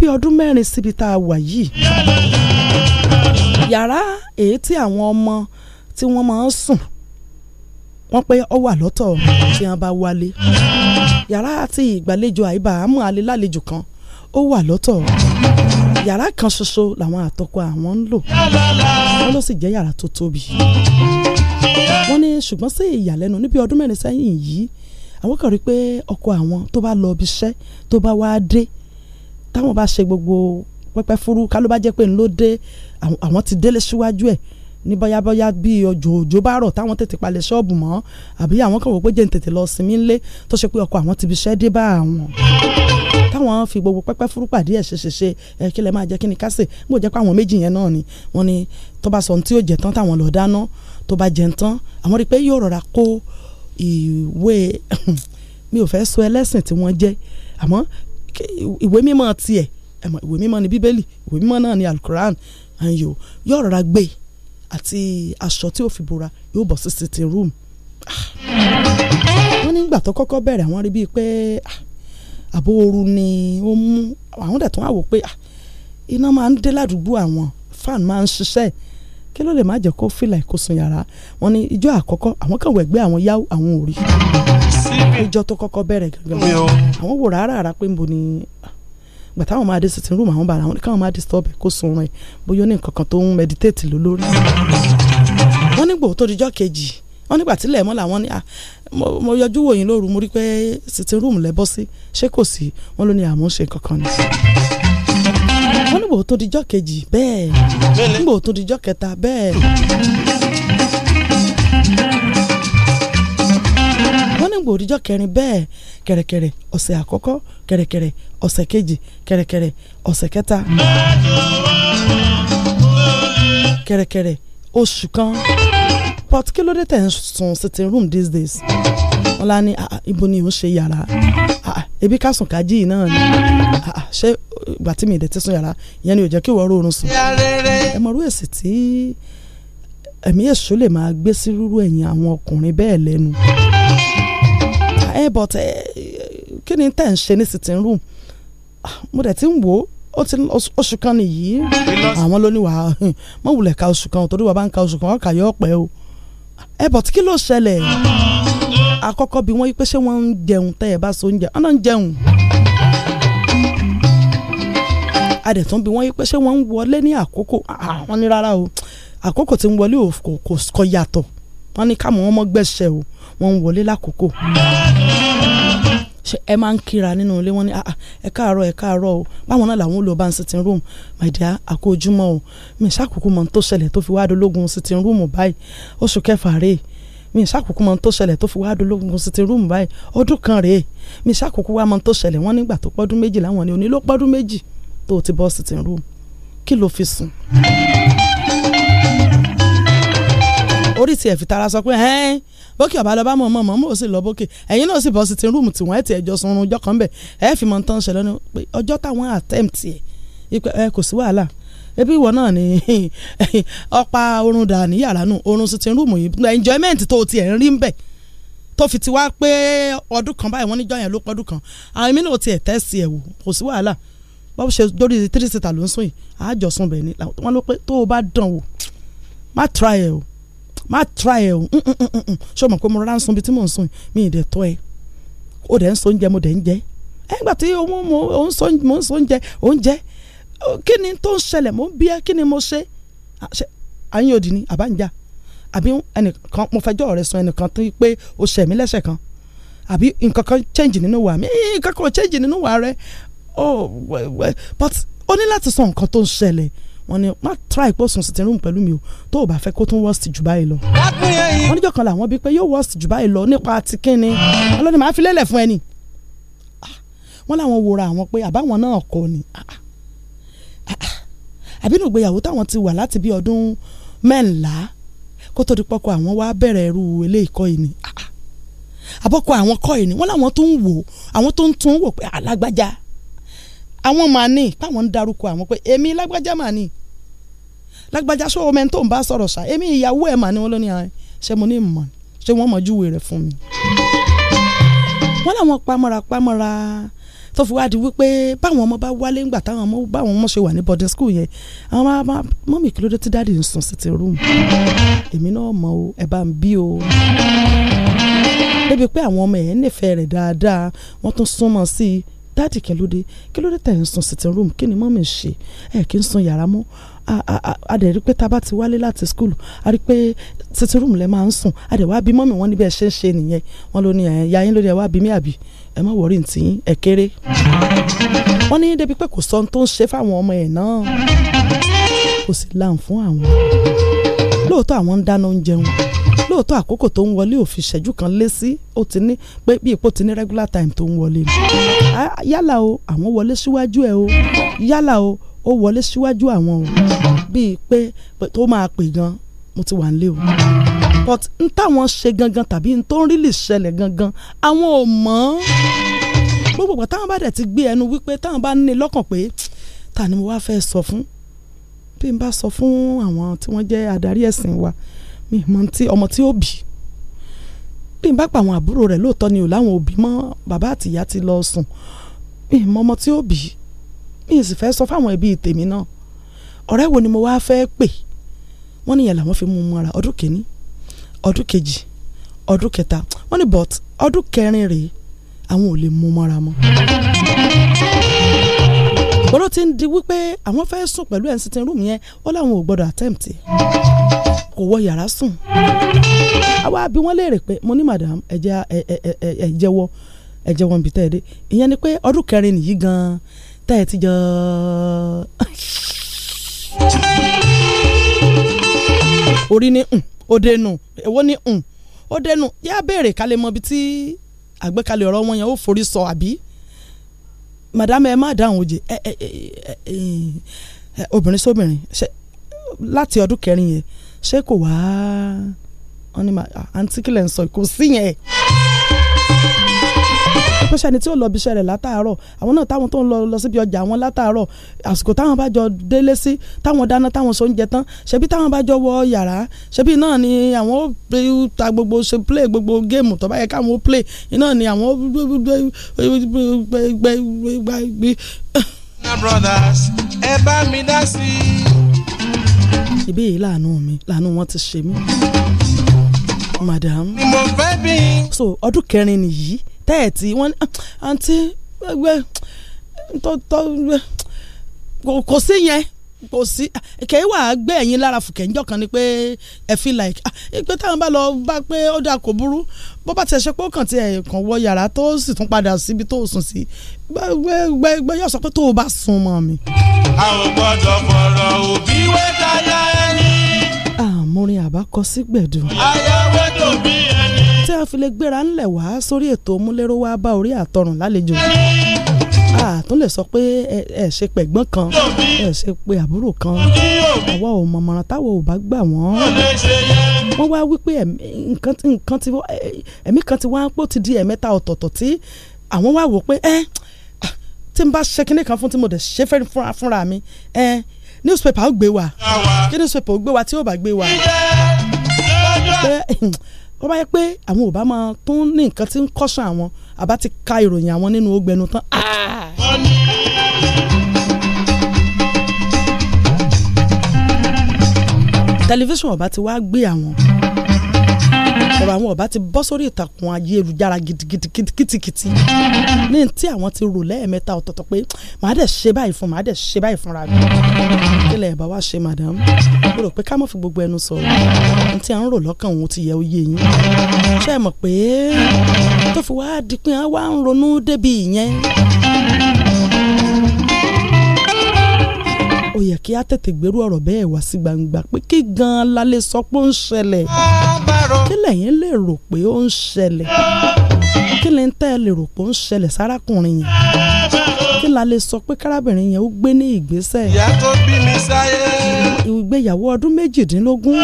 bí ọdún mẹ́rin síbi tá a wà yìí yàrá èyí tí àwọn ọmọ tí wọ́n máa ń sùn wọ́n pé ọ wà lọ́tọ̀ tí wọ́n bá wálé yàrá àti ìgbàlejò àìbá àmọ́ kan ó wà lọ́tọ̀ yàrá kan ṣoṣo làwọn àtọkọ àwọn ń lò wọ́n ló sì jẹ́ yàrá tó tóbi wọ́n ní ṣùgbọ́n sí ìyàlẹ́nu níbi ọdún mẹ́rin sẹ́yìn yìí àwọn kan rí i pé ọkọ àwọn tó bá lọ ibi iṣẹ́ tó bá wá dé táwọn bá ṣe gbogbo pẹ́pẹ́ fúrú ká ló bá jẹ́ pé ń ló dé àwọn ti délé síwájú ẹ̀ ní bọ́yábọ́yá bíi ọjọ́ òjò bá rọ̀ táwọn tètè palẹ̀ ṣọ́ọ̀bù mọ́ àbí àwọn kan wò pé jẹ́ ń tètè lọ sinmi ńlẹ̀ tó ṣe pé ọkọ àwọn ti fi ṣẹ́ dé bá àwọn táwọn fi gbogbo pẹ́pẹ́ fúrú pàdé ẹ̀ ṣeṣeṣe ẹ kí lẹ máa jẹ́ kí ni ká sè ń bò pé àwọn méjì yẹn náà ni wọ́n ní tó bá sọ ohun tí yóò jẹ tán táwọn lọ dáná tó bá jẹ tán àwọn rí i pé yóò rọra kó ìwé mi ò fẹ́ sọ ẹlẹ́sìn tí wọ́n jẹ́ àmọ́ ìwé mímọ́ tiẹ̀ ẹ̀mọ̀ ìwé mímọ́ ni bíbélì ìwé mímọ́ náà ni alukoran àyò yóò rọra gbé àti aṣọ tí ó fi bora yóò bọ̀ sí sitting room. Ah. wọ́n nígbà tó kọ́kọ́ bẹ̀rẹ̀ àwọn rí bíi pé ah, àbò ooru ni ó mú àwọn dẹ̀ tún wá wò pé ah, iná máa ń dé ládùúgbò àwọn fan máa ń ṣiṣẹ́ kí ló lè má jẹ́ kó fìlà ìkósun yàrá wọn ni ijó àkọ́kọ́ àwọn kan wẹ̀gbẹ́ àwọn yáwó àwọn ò ìjọ tó kọ́kọ́ bẹ̀rẹ̀ gangan àwọn wò rárá rárá pé nbo ni gbàtà àwọn máa dé sitting room àwọn bàrà àwọn káwọn máa disturb ẹ kó sunrun ẹ bóyá ó ní nǹkan kan tó ń meditate ló lórí. wọ́n nígbà tó dijọ́ kejì wọ́n nígbà tílẹ̀ mọ́ làwọn ní ah, mo yọjú wòyìn lóru mo rí pé sitting room lẹ́bọ́ sí ṣé kò sí wọ́n ló ní àmọ́ ṣe kankan ni wọ́n nígbà tó dijọ́ kejì bẹ́ẹ̀ nígbà tó dijọ́ kẹta bẹ́ẹ̀ nígbà òdìjọ́ kẹrin bẹ́ẹ̀ kẹ̀rẹ̀kẹ̀rẹ̀ ọ̀sẹ̀ àkọ́kọ́ kẹ̀rẹ̀kẹ̀rẹ̀ ọ̀sẹ̀ kejì kẹ̀rẹ̀kẹ̀rẹ̀ ọ̀sẹ̀ kẹta kẹ̀rẹ̀kẹ̀rẹ̀ oṣù kan port kí ló dé tẹ̀ ń sùn sitting room these days wọn lá ní ah, ah, ibo ni òun ṣe yàrá ah, ebi ká sùn ká jíì náà ni ṣé ìgbà tí mi ì dẹ̀ ti sùn yàrá ìyẹn ni ò jẹ́ kí ìwọ oorun sùn ẹ mọ̀rú èsì tí ẹ̀mí èṣù lè máa gbé sí rúrú ẹ̀yìn àwọn ọkùnrin bẹ́ẹ̀ lẹ́nu pé eh, but eh, kí ni tẹ̀ ń ṣe ní sitting room ah, mo dẹ̀ ti ń wò ó ti oṣù kan nìyí àwọn ló ní wàá mọ̀ wulẹ̀ ka oṣù kan torí wàá bá ń ka oṣù kan ọkà yọ ọ̀pẹ o ẹ eh, but kí ló ṣẹlẹ̀ àkọ́kọ́ bí wọ́n yí pé ṣé wọ́n ń jẹun tẹ́ ẹ bá so ń jẹun ọ̀nà ń jẹun adẹ̀tún bí wọ́n yí pé ṣé wọ́n ń wọlé ní àkókò ah, wọ́n ní rárá o àkókò tí ń wọlé kò yàtọ̀ wọ́n ní káàmù wọn mọ́ gbẹ̀ṣẹ̀ o wọ́n ń wọlé lákòókò ẹ máa ń kíra nínú ilé wọn ní ah, ah, ẹ káàárọ̀ ẹ káàárọ̀ o báwọn náà làwọn olùbá ń sitting room my dear àkójúmọ́ o mi ṣàkókò mọ́ tó ṣẹlẹ̀ tó fi wá dológun sitting room báyìí oṣù kẹfà rèé mi ṣàkókò mọ́ tó ṣẹlẹ̀ tó fi wá dológun sitting room báyìí ọdún kan rèé mi ṣàkókò wá mọ́ tó ṣẹlẹ̀ wọ́n nígbà tó pọ́dún méjì láwọn ni onílò pọ́dún méjì tó ti bọ́ sitting room kí ló fi sùn. orí tiẹ̀ fi tara sọ pé bókè ọ̀bá lọ́ba mọ̀ mọ̀ mọ̀ mọ̀ ó sì lọ bókè ẹ̀yin náà sì bọ́ sí ti rúùmù tí wọ́n ẹ̀ ti ẹ̀jọ́ sunrun ọjọ́ kan bẹ̀ ẹ̀ fi mọ̀ ń tán ṣẹlẹ̀ ní pé ọjọ́ táwọn attempt ẹ̀ ẹ kò sí wàhálà ebi ìwọ náà ni ọ̀pá orun dà ní yàrá nù orun sí ti rúùmù yìí enjoyment tó ti ẹ̀ ń rí ń bẹ̀ tó fi ti wá pé ọdún kan báyìí wọ́n níjọ́ yẹn ló pọ́dún kan àwọn èmi náà ti ẹ̀ tẹ́sí ẹ̀ wò kò sí wàhálà bọ́ọ̀ ṣe lórí tírísítà ló ń sún yìí àjọsùn bẹ̀ ni wọ́n ló pé tó o bá dán wò má try ẹ̀ o má try ẹ o mm, mm, mm, ṣé o mọ̀ pé mo rárá ń sun bí tí mò ń sun mi ì dẹ̀ tọ́ ẹ o dẹ̀ ń so oúnjẹ mo dẹ̀ ń jẹ ẹ gbà tí mo ń so oúnjẹ oúnjẹ kí ni tó ń ṣẹlẹ̀ mo ń bí ẹ kí ni mo ṣe àyín òdì ni àbá ń jà àbí ẹnìkan mo fẹjọ́ rẹ sun ẹnìkan tó pé o ṣẹ̀ mí lẹ́sẹ̀ kan àbí nǹkan kan change nínú wa mi nǹkan kan change nínú wa rẹ oh well well but o ní láti sọ nǹkan tó ń ṣẹlẹ̀ wọ́n ní má try pé ó sùn sitting room pẹ̀lú mi o tó o bá fẹ́ kó tún worst jù báyìí lọ. wọ́n níjọ́ kan làwọn bíi pé yóò worst jù báyìí lọ nípa ti kínni ọlọ́ni màá fi lélẹ̀ fún ẹni. Ah, wọ́n láwọn wòra àwọn pé àbáwọn náà kọ ni ah, ah, àbínú ìgbéyàwó táwọn ti wà láti bí ọdún mẹ́ńlá kó tó di pọ́kọ àwọn wá bẹ̀rẹ̀ irú ilé ìkọ́ yìí ni àbọ̀kọ àwọn kọ́ yìí ni wọ́n láwọn tó ń wò àwọn tó ń tún wò pé alágbájá àwọn màá ní páwọn ń darúkọ àwọn pé èmi lágbájá màá ní lágbájá sọ ọmọ ẹni tó ń bá sọ̀rọ̀ sá èmi ìyàwó ẹ̀ màá ní wọn lónìí àwọn ṣe mo ní mọ̀ ṣé wọ́n mọ̀ júwe rẹ̀ fún mi. wọ́n láwọn pamọ́ra pamọ́ra tó fi wáá di wípé báwọn ọmọ bá wálé ńgbà táwọn ọmọ báwọn ọmọ ṣe wà ní boarding school yẹn àwọn máa mọ́mì kí ló dé tí dáàdì ń sùn sí ti rúùmù èmi náà mọ̀ o ẹ̀ bá ń bí o débi pé àwọn ọmọ ẹ̀ nífẹ̀ẹ́ rẹ̀ dáadáa wọ́n tún súnmọ́ sí i dáàdì kí ló dé kí ló dé tẹ̀ ń sun sitting room kí ni mọ́mì ń ṣe ẹ̀ kí ń sun yàrá mọ́ a dẹ̀ rí pé tá a bá ti wálé láti skul a rí pé sitting room lẹ̀ máa ń sùn a dẹ̀ wá bí mọ́mì wọn níbi ẹ̀ ṣe ń ṣe nìyẹn wọn ló ní ẹ̀ ya yín lórí ẹ̀ wá bí mí àbí ẹ̀ má wọ̀rí ntì yín ẹ̀ kéré wọ́n ní débi pé kò sọ ohun tó ń ṣe fáwọn ọmọ ẹ̀ náà kò sì láǹfún àwọn lóòótọ́ àwọn ń dáná oúnjẹ lóòótọ́ àkókò tó ń wọlé òfin ìṣẹ́jú kan lé sí ó ti ní pé bí ipò ti ní regular time tó ń wọlé ni yálà o àwọn wọlé síwájú ẹ o yálà o ó wọlé síwájú àwọn o bíi pé tó máa pè gan mo ti wà nílé o but n táwọn ṣe gangan tàbí n tó ń rí lè ṣẹlẹ̀ gangan àwọn ò mọ̀ gbogbo ìgbà táwọn bá dẹ̀ ti gbé ẹnu wípé táwọn bá ní lọ́kàn pé ta ni mo wá fẹ́ sọ fún bí n bá sọ fún àwọn tí wọ́n jẹ́ adarí ẹ̀sìn wa mi mọ tí ọmọ tí ó bí bí n bá pa àwọn àbúrò rẹ̀ lóòótọ́ ni ò láwọn òbí mọ́ bàbá àtìyá ti lọ sùn mi mọ ọmọ tí ó bí mi sì fẹ́ sọ fáwọn ẹbí tèmi náà ọ̀rẹ́ wo ni mo wá fẹ́ pè wọ́n níyẹn làwọn fi mú mọ́ra ọdún kìíní ọdún kejì ọdún kẹta wọ́n ní but ọdún kẹrin rèé àwọn ò lè mú mọ́ra mọ́ ọ̀rọ̀ ti ń di wípé àwọn fẹ́ sùn pẹ̀lú ẹ̀ ń sitin rúùmù yẹn ó láwọn ò gbọ́dọ̀ attempt kò wọ yàrá sùn àwa bí wọ́n léèrè pé mo ní madam ẹ jẹ́ ẹ jẹ́wọ́ ẹ jẹ́wọ́ níbi tẹ́ ẹ dé ìyẹn ni pé ọdún kẹrin nìyí gan-an tẹ́ ẹ ti jọ. orí ní ó dénú èwo ní ó dénú yá béèrè ká lè mọ tí àgbékalẹ̀ ọ̀rọ̀ wọn yẹn ó forí sọ àbí madam ẹ má dáhùn oje ẹ ẹ ẹ obìnrin sóbìnrin ṣe láti ọdún kẹrin yẹn ṣé kò wá wọn ni àǹtí kílẹ̀ ń sọ kò sí yẹn pé sẹ́ni tí ò lọ bí iṣẹ́ rẹ̀ látàárọ̀ àwọn náà táwọn tó ń lọ lọ síbi ọjà àwọn látàárọ̀ àsìkò táwọn bá jọ délé sí táwọn dáná táwọn so oúnjẹ tán ṣebí táwọn bá jọ wọ yàrá ṣebí náà ni àwọn ó ta gbogbo ṣe play gbogbo géèmù tó bá yẹ káwọn ó play iná ni àwọn ó gbẹ brothers ẹ bá mi dá sí i. ìbí yìí láàánú mi láàánú wọn ti ṣe mí. madam. ni mo fẹ́ bí. so ọdún kẹrin nìyí tẹ́ẹ̀tì wọ́n ní ah, àǹtí gbẹ tọ́tọ́ kò sí yẹn kò sí ah, kẹ́ẹ́ wà á gbé ẹ̀yìn lára fùkẹ́ńjọ́ kan ni pé ẹ fi like ah, pé táwọn bá lọ bá pé ó dáa kò burú bó bá tiẹ̀ ṣe pé ó kàn tiẹ̀ kàn wọ yàrá tó sì tún padà síbi tó sùn sí gbẹgbẹgbẹ yóò sọ pé tó o bá sùn mọ́ mi. a ò gbọ́dọ̀ fọ̀rọ̀ òbí wẹ́tayá ẹni. àmúrin àbá kọ sí gbẹ̀dùn. ayáwé tòbí ẹ a fi lè gbéra ńlẹ̀ wá sórí ètò múlẹ́rọ́ wá bá orí àtọrùn lálejò a tún lè sọ pé ẹ ṣe pẹ̀gbọ́n kan ẹ ṣe pé àbúrò kan àwa ò mọ̀mọ́ràn táwa ò bá gbà wọ́n wọ́n wá wípé nǹkan ti ẹ̀mí kan ti wá pé ó ti di ẹ̀mẹ́ta ọ̀tọ̀ọ̀tọ̀ tí àwọn wá wò pé ẹ ah, tí n bá ṣe kinní kan fún tí mo dẹ̀ ṣe fẹ́ fúnra mi ẹ newspaper ó gbé wa kí newspaper ó gbé wa tí ó bá gbé wa hm, ó bá yẹ pé àwọn ò bá máa tó ní nǹkan tí ń kọ́ṣán àwọn àbá ti ka ìròyìn àwọn nínú ogbẹnu tán. Ah! tẹlifíṣàn ọba ti wá gbé àwọn ọ̀rọ̀ àwọn ọba ti bọ́ sórí ìtàkùn ayélujára kìtìkìtì ní tí àwọn ti rò lẹ́ẹ̀mẹ́ta ọ̀tọ̀ọ̀tọ̀ pé màá dẹ̀ ṣe báyìí fún màá dẹ̀ ṣe báyìí fúnra mi kílẹ̀ ẹ̀bá wa ṣe madam mo rò pé ká má fi gbogbo ẹnu sọ̀rọ̀ ní tí à ń rò lọ́kàn òun ti yẹ oyè yín ṣé ẹ mọ̀ pé tó fi wá di pé wá ń ronú débi ìyẹn yẹ kí á tètè gbèrú ọ̀rọ̀ bẹ́ẹ̀ wá sí gbangba pé kí gan-an la sọ pé ó ń ṣẹlẹ̀ kí lẹ́yìn lè rò pé ó ń ṣẹlẹ̀ kí lẹ́yìn tẹ́ lè rò pé ó ń ṣẹlẹ̀ sárákùnrin yẹn kí la sọ pé kárábìnrin yẹn ó gbé ní ìgbésẹ̀ ìgbéyàwó ọdún méjìdínlógún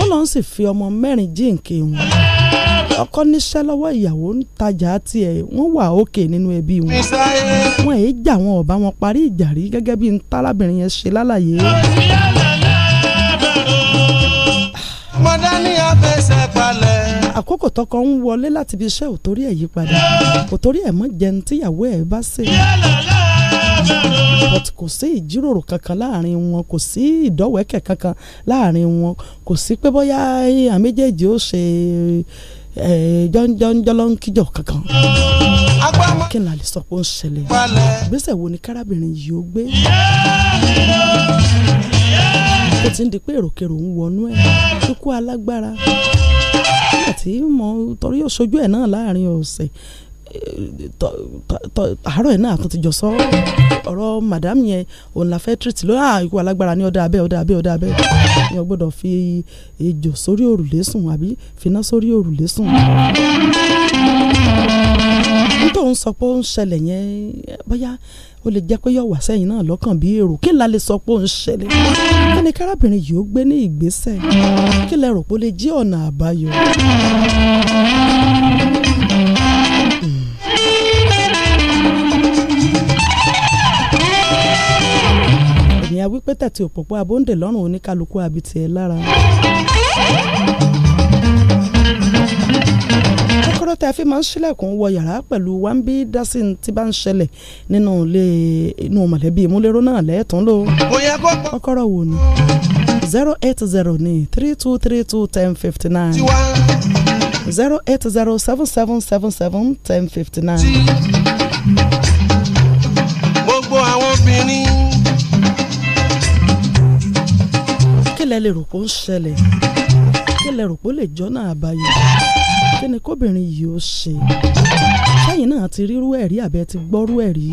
ó lọ́n sì fi ọmọ mẹ́rin jíǹkì wọn ọkọ níṣẹ́ lọ́wọ́ ìyàwó ń tajà tiẹ̀ wọ́n wà òkè nínú ẹbí wọn wọn èyí jà wọn ọ̀bá wọn parí ìjà rí gẹ́gẹ́ bí ntálábìnrin yẹn ṣe lálàyé. mọ̀dá ní àkókò tọkọ ń wọlé láti fi iṣẹ́ ò torí yí padà kò torí ẹ̀ mọ́ jẹun tíyàwó ẹ̀ bá ṣe but kò sí ìjíròrò kankan láàrin wọn kò sí ìdọ́wẹ́kẹ̀ kankan láàrin wọn kò sí pé bóyá àwọn méjèèjì ó ṣe jọ́njọ́njọ́lọ́ ń kíjọ kankan kí ni a lè sọ pé ó ń ṣẹlẹ̀ ìgbésẹ̀ wo ni kárábìnrin yìí ó gbé ó ti ń di pé èròkèrò ń wọnú ẹ̀ ikú alágbára nígbà tí mo torí òṣojú ẹ̀ e náà láàrin ọ̀sẹ̀ àárọ̀ ẹ̀ náà tó ti jọ sọ ọ̀rọ̀ madam yẹn òun la fẹ́ treat ló à ah, ikú alágbára ní ọ̀dà abẹ́ ọ̀dà abẹ́ ọ̀dà abẹ́ ni o gbọ́dọ̀ fi ejò sórí òrùlé sùn àbí finá sórí òrùlé sùn. nítorí òun sọ pé ó ń ṣẹlẹ̀ yẹn bóyá ó lè jẹ́ pé yóò wá sẹ́yìn náà lọ́kàn bí èrò kí la lè sọ pé ó ń ṣẹlẹ̀ kí ni kárábìnrin yìí ó gbé ní ìgbésẹ̀ kí lẹ rò pé ó lè jẹ́ ọ̀nà àbáyọ. wípé tẹ̀tí òpópó abóńdè lọ́rùn oníkálukú abitì ẹ̀ lára. kọ́kọ́rọ́ tẹ́ fi máa ń ṣílẹ̀kùn wọ yàrá pẹ̀lú wáńbí dásin tí bá ń ṣẹlẹ̀ nínú ilé inú mọ̀lẹ́bí ìmúlẹ́rọ́ náà lẹ́ẹ̀tún ló. kọ́kọ́rọ́ wo ni zero eight zero ní three two three two ten fifty nine zero eight zero seven seven seven seven ten fifty nine. gbogbo àwọn obìnrin lẹ lè rò pé ń ṣẹlẹ̀ kí rò pé lè jọ́nà àbáyọ kí ni kóbìnrin yìí ó ṣe sẹ́yìn náà ti rírú ẹ̀rí àbẹ́ ti gbọ́rú ẹ̀rí.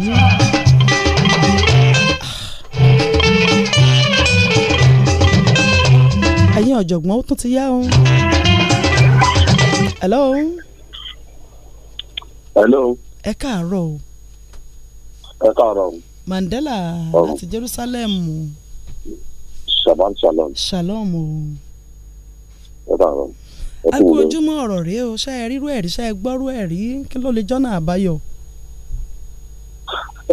ẹ̀yin ọ̀jọ̀gbọ́n ó tún ti yá o. hello. hello. ẹ káàárọ̀ o. ẹ káàárọ̀ o. Mandela láti Jerusalem. Shabam Shalom. Shalom o. Ẹ dàrọ̀. A kú ojúmọ́ ọ̀rọ̀ rèé o, ṣé ẹ rírú ẹ̀rí, ṣé ẹ gbọ́rú ẹ̀rí, kí ló lè jọ́nà àbáyọ?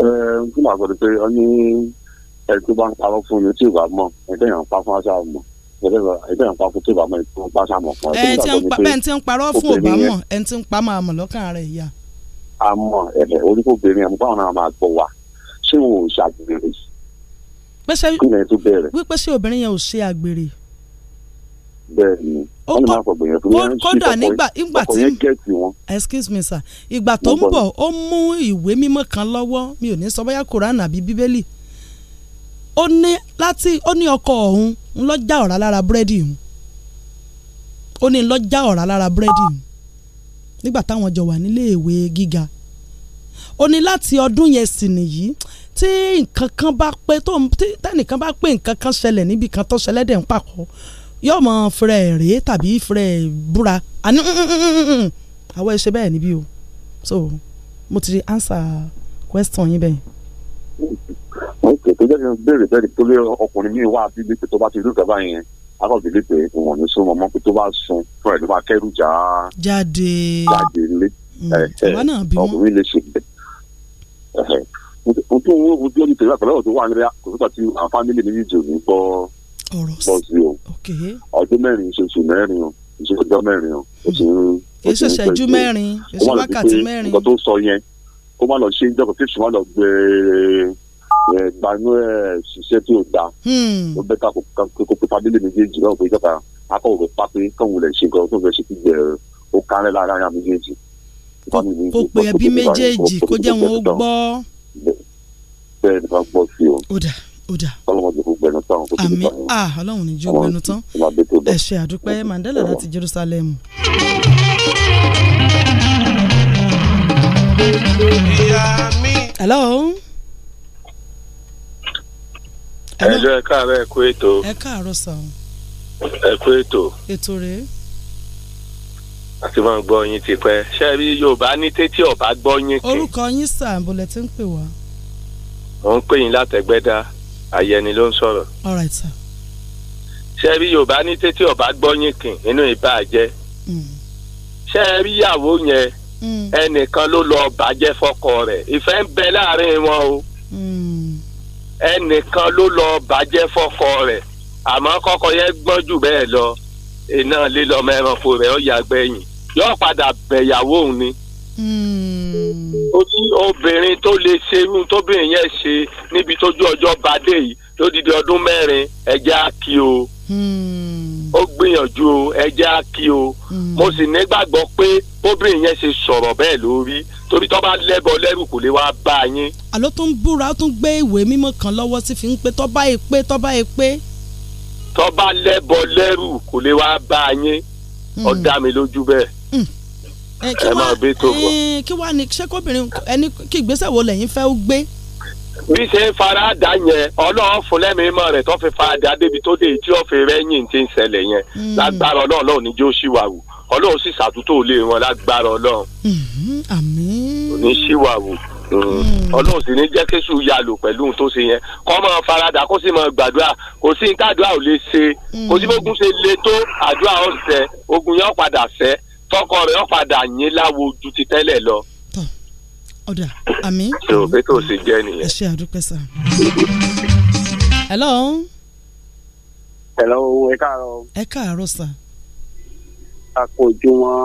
Ẹ kí màá gbọ́dọ̀ pé ọ ní ẹni tó bá ń parọ́ fún mi tí ò bá mọ̀, ẹni tó yàn ń pa fún aṣá mọ̀ ẹgbẹ́ ìpa kó tó ìbámu ìtò bá sàmọ̀ kan. ẹ ti ń pa ẹ ti ń parọ́ fún òbámọ̀ ẹ ti ń pa máa mọ̀ lọ́kàn rẹ̀ yá. àmọ́ ẹ̀rẹ̀ orí kò bèrè àmọ́ báwọn náà máa gbọ́ wa ṣé wọn ò ṣàgbèrè sí pé wípé ṣé obìnrin yẹn ò ṣe àgbèrè. bẹ́ẹ̀ni wọn máa fọgbọn yẹn tó yẹn ń yẹn gẹẹsì wọn. excuse me sir ìgbà tó ń bọ̀ ó mú ìwé mímọ́ kan lọ́wọ́ mi ò ní sọ bóyá koran àbí bíbélì ó ní láti ó ní ọkọ ọ̀hún ń ọ̀rá lára búrẹ́dì ọ̀hún ó ní ń ọ̀rá lára búrẹ́dì ọ̀hún nígbà táwọn jọ wà nílé gíga ó ní láti ọdún yẹn sì nìyí tí nǹkan kan bá pé tó tẹnìkan bá pé nǹkan kan ṣẹlẹ̀ níbi kan tó ṣẹlẹ̀ dẹ̀ ń pàkọ́ yóò mọ fúrẹ́ rèé tàbí fúrẹ́ búra àní àwọn ẹṣẹ bẹ́ẹ̀ níbí o so mo ti answer question yín bẹ́ẹ̀. ok tó jẹ́ kí n béèrè bẹ́ẹ̀ tó lé ọkùnrin mi wá bí lẹ́pẹ́ tó bá ti rú ìjọba yẹn akọ̀bí lẹ́pẹ́ ìwọ̀n ní sún mọ́mọ́ pé tó bá sun fún ẹ̀ ló máa kẹ́rù já. jáde jáde lé mm, ọkùnrin lè ṣe bẹ́ẹ̀ ntú wọn wo díẹ̀ ní tẹ̀lé àpẹẹrẹ tó wà nílẹ̀ kò sígbà tí àwọn fámìlì mi jù ní gbọ́ bọ́ sí o ọjọ́ mẹ́rin ìṣèṣù mẹ́rin o ìṣèṣù ọjọ́ mẹ́rin o ó ń èso ṣẹ́jú mẹ́rin èso wákàtí mẹ́rin. nǹkan tó sọ yẹn kó má lọ ṣe ń jọkọ̀ kéṣù má lọ gbé ẹ gbanú ẹ ṣiṣẹ́ tí ò da. ó bẹ́ẹ̀ káko kó fadílé méjèèjì náà pé ìjọba akọ̀wé rẹ̀ pápé káwọn rẹ̀ ṣe nǹkan tó fẹ́ ṣe kígbẹ̀ bẹ́ẹ̀ ni máa gbọ́ sí o. ó dà ó dà. ọlọ́mọdé kò gbẹnu tán. àmì a ọlọ́run ní jó gbẹnu tán. ẹ ṣé àdúpẹ́ Mandela láti Jerusalem. hello. ẹjọ́ ẹ káàárọ̀ ẹ kú ètò. ẹ káàárọ̀ sàn. ẹ kú ètò. ètò rèé àti wọ́n gbọ́ yín ti pẹ́ ṣé rí yorùbá ní tétí ọ̀bá gbọ́ yín kí. orúkọ yín sà ń bolẹ̀ tí ń pè wá. mo ń pè yín látẹ̀gbẹ́dá àyẹni ló ń sọ̀rọ̀. all right sir. ṣé rí yorùbá ní tétí ọ̀bá gbọ́ yín kì inú ìbá jẹ́. Hmm. ṣé rí ìyàwó yẹn hmm. ẹnìkan ló lọ bàjẹ́ fọkọ rẹ̀ ìfẹ́ ń bẹ láàrin wọn o. Hmm. ẹnìkan ló lọ bàjẹ́ fọkọ rẹ̀ àmọ́ kọ́kọ́ yẹn gbọ́n jù bẹ́ẹ̀ lọ iná lílọ́mọ ẹranko rẹ̀ ó yàgbẹ́yìn yóò padà bẹ̀yàwó òun ni. Hmm. ó ní obìnrin tó lè ṣe irú tóbìnrin yẹn ṣe níbi tójú ọjọ́ bá dé yìí lódìdí ọdún mẹ́rin ẹja kí o hmm. ó gbìyànjú o ẹja kí o hmm. mo sì nígbàgbọ́ pé bóbìnrin yẹn ṣe sọ̀rọ̀ bẹ́ẹ̀ lórí torí tó bá lẹ́bọ lẹ́rù kò lè wá bá a yín. àló tó ń búra ó tún gbé ìwé mímọ́ kan lọ́wọ́ sí fi ń pé tó bá yẹ tó bá yẹ tó bá lẹ́bọ lẹ́rù kò lè wá bá a yín ó mi lójú bẹ́ẹ̀ ẹ máa bí tó bọ̀. kí wàá ní ṣé kóbìnrin ẹni kí ìgbésẹ̀ wo lẹ́yìn fẹ́ ó gbé. bí ṣe ń fara dà yẹn ọlọ́run fún lẹ́mìímọ́ rẹ̀ tó fi fara dà débi tó dé tí ó fi rẹ́yìn ti ń ṣẹlẹ̀ yẹn hmm. lágbára ọlọ́run lọ́run ní jó ṣìwàwù ọlọ́run sì ṣàtúntò lé wọn lágbára ọlọ́run. Hmm, àmín. òní ṣìwàwù hmm. ọlọ́run sì ní jẹ́ kéṣù ya lò pẹ̀lú ohun tó ṣe yẹn kó máa faradà kó sì máa gbàdúrà kò sí ní tàdúrà ò lè ṣe kò sí bógun ṣe le tó àdúrà ọ̀sẹ̀ ogun yẹn padà ṣẹ́ tọkọ rẹ̀ ó padà yín láwo ju ti tẹ́lẹ̀ lọ. ọ̀dà àmì. ṣé o bẹ́ẹ̀ tó ṣe jẹ́ nìyẹn. ẹ ṣe àdúpẹ́ sá. hello. hello ẹ káàárọ̀. ẹ káàárọ̀ sá. a kò ojúmọ́.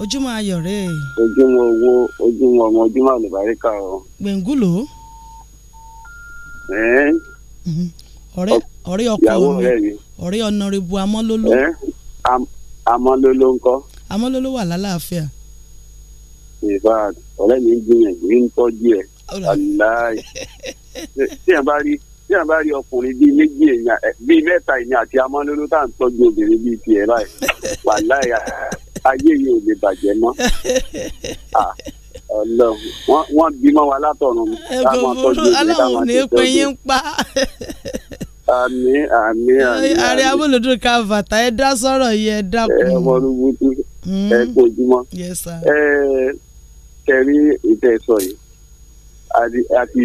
ojúmọ́ ayọ̀ rẹ̀. ojúmọ́ owó ojúmọ́ ọmọ ojúmọ́ àlùbáríkà o. gbẹ̀ngúlò. Mhm. ọ̀rẹ́ ọ̀rẹ́ ọkọ mi ọ̀rẹ́ ọ̀nàrẹ́bù amọ́lóló. amọ́lóló ńkọ́ àmọ́ ló ló wà lálàáfíà. ìfà ọ̀rẹ́ mi ń gbìyànjú ń tọ́jú ẹ̀ aláì tí a bá rí tí a bá rí ọkùnrin bíi méjì èèyàn bíi mẹ́ta èèyàn àti amọ́lóló tá à ń tọ́jú obìnrin bíi tiẹ̀ báyìí wàláì ayé yìí ò lè bàjẹ́ mọ́ wọ́n bímọ wa látọ̀run táwọn tọ́jú obìnrin táwọn ti tọ́jú àmì àmì àmì. ààrẹ abúlòdó ká bàtà ẹ dá sọ̀rọ̀ yìí ẹ dákun. ẹ wọ́n rúbutú ẹ mm. eh, kó ojúmọ́ ẹ eh, kẹrí ìtẹ sọ yìí àti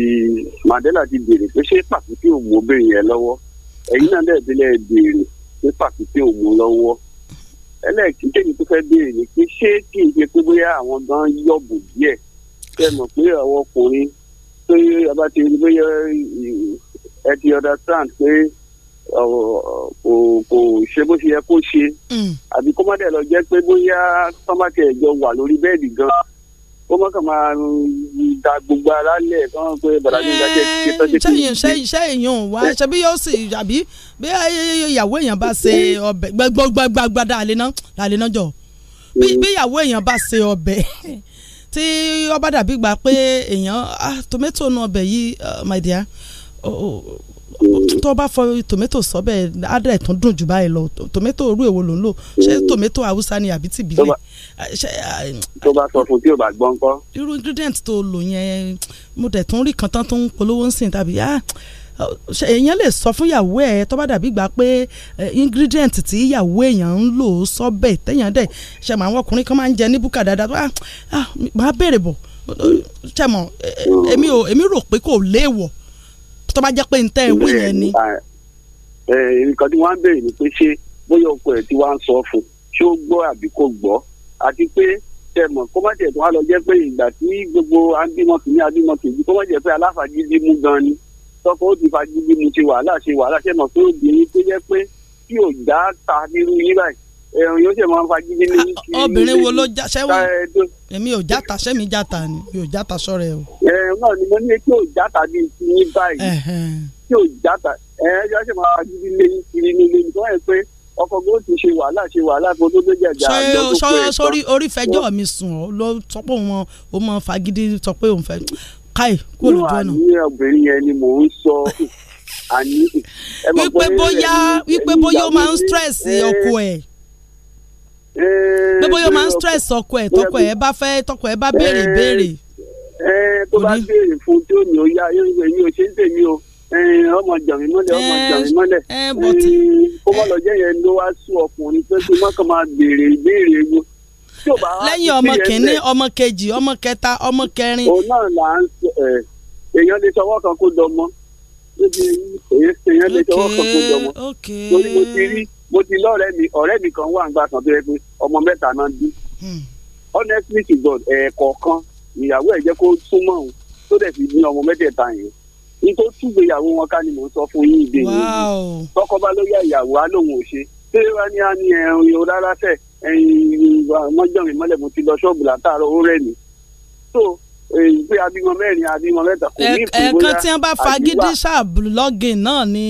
Mandela ti béèrè pé ṣé pàkúté òmù obìnrin yẹn lọ́wọ́ ẹ̀yin náà dẹ̀ bílẹ̀ béèrè pé pàkúté òmù lọ́wọ́ ẹlẹ́ẹ̀kí kéde tó fẹ́ béèrè pé ṣé kí n ṣe pé bóyá àwọn gan yọ̀bù díẹ̀ kẹ́ mọ̀ pé àwọn ọkùnrin tó yẹ abá ti rí bóyá ẹ ti understand pé kò ṣe bó ṣe yẹ kó ṣe mm. àbí kó má dẹ̀ lọ jẹ́ pé bóyá sọ́mátì ẹ̀jọ wà lórí bẹ́ẹ̀dì gan-an kó má kàn máa da gbogbo ara lẹ̀ kán pé bàdàgbé ìdájẹ́ ti tọ́ sí kí. sẹ́yìn sẹ́yìn òun wá ṣẹbi yóò sì àbí bí ìyàwó èèyàn bá ṣe ọbẹ̀ gbàgbàgbàgbàdà àléná àléná jọ bí ìyàwó èèyàn bá ṣe ọbẹ̀ tí ọba dàbí gbà pé èèyàn ah, tomato nu ọbẹ̀ yìí uh, my dear oh, oh, tó bá fọ tòmẹ́tò sọ́bẹ̀ adrẹ̀ tún dùn jù báyìí lọ tòmẹ́tò orú èwo ló ń lò ṣé hmm. tòmẹ́tò haúsá ni àbí tìbílẹ̀. Ah, ah, tó bá sọ fún tí ò bá gbọ́ ń kọ́. irú ingredient tó lò yẹn mo dẹ̀ tún rí kan tán tó ń polówó ń sìn tàbí yá ah, èèyàn lè sọ fún ìyàwó ẹ tó bá dàbí gbà pé eh, ingredient tí ìyàwó èèyàn ń lò sọ́bẹ̀ téèyàn dẹ̀ ṣe mọ àwọn ọkùnrin kan máa ń jẹ ní búkà dáadáa tó máa béèrè bọ̀ ṣe mọ eh, hmm. èmi rò pé kò léèwọ̀ tó bá jẹ́ pé n tẹ́ ẹ wí yẹn ni. nǹkan tí wọ́n á béèrè ni pé ṣé bóyá ọkọ ẹ̀ tí wọ́n á sọ fún ṣé ó gbọ́ àbí kò gbọ́ àti pé tẹ mọ̀ kó má jẹ́ tó wá lọ jẹ́ pé ìgbà tí gbogbo àbímọ kìíní àbímọ kìíní kó má jẹ́ pé aláfàgídí mú gan ni tọkọ ó ti fagídí mu ṣe wàhálà ṣe wàhálà ṣe mọ̀ pé obìnrin tó jẹ́ pé tí ò já ta nírú yín báyìí ẹ̀rùn yóò ṣe máa ń fagídí ní. Ah, obìnrin wo ló já sẹ́wọ̀n èmi ò játa sẹ́mi játa ni mi ò játa sọ́rọ̀ ẹ o. ẹ náà ni mo ní kí o játa bí ti yín báyìí kí o játa ẹ yóò ṣe máa fagídí lẹ́yìn kiri nílé nítorí ẹ pé ọkọ gbọ́dọ̀ ti ṣe wàhálà ṣe wàhálà kó tó gbé jàjà lọ́dún pé. ṣé sórí orí fẹjọ́ mi sùn ọ́ ló sọ pé òun ò mọ fagídí sọ pé òun fẹ́ káì kó lójú ọ̀nà. inú àníyàn obìnrin yẹn ni mò ń sọ àní. wípé bóyá wípé bóyá ó máa ń stress ọkọ ẹ̀. pé bóyá o máa ń stress ọkọ ẹ tọkọ ẹ bá tọkọ ẹ bá béèrè béèrè. tó bá béèrè fún tí ò ní ó ò ṣe ń o ọmọ jàmí mọ́lẹ̀ ọmọ jàmí mọ́lẹ̀ ó bá lọ jẹ́ yẹn ló wá sún ọkùnrin pé kí máa béèrè wo. lẹ́yìn ọmọ kìíní ọmọ ọmọ kẹta ọmọ kẹrin. sọ èèyàn lè kó mo ti lọ́ọ̀rẹ́ mi ọ̀rẹ́ mi kan wà ń gbà kan tó yẹ pé ọmọ mẹ́ta náà bí hmm. honestly to God ẹ̀ẹ̀kọ̀ọ̀kan ìyàwó ẹ̀ jẹ́ kó súnmọ́ òun tó dẹ̀ fi ní ọmọ mẹ́tẹ̀ẹ̀ta yẹn nítorí túgbéyàwó wọn ká ni mò ń sọ fún yín ìdè yìí tọkọ bá ló ìyàwó á lóun ò ṣe ṣé wàá ní àní ẹ̀rùn yòó rárá fẹ̀ ẹ̀yìn wọ́n jọ̀rìn mọ́lẹ̀ mo ti lọ ṣọ́ọ̀bù látàárọ̀ ó rẹ̀ mí. so pé abímọ mẹ́rin abímọ mẹ́ta kò ní ìpín bóyá ẹ̀ẹ̀kan tí wọ́n bá fagídí ṣàbùlọ́gìn náà ni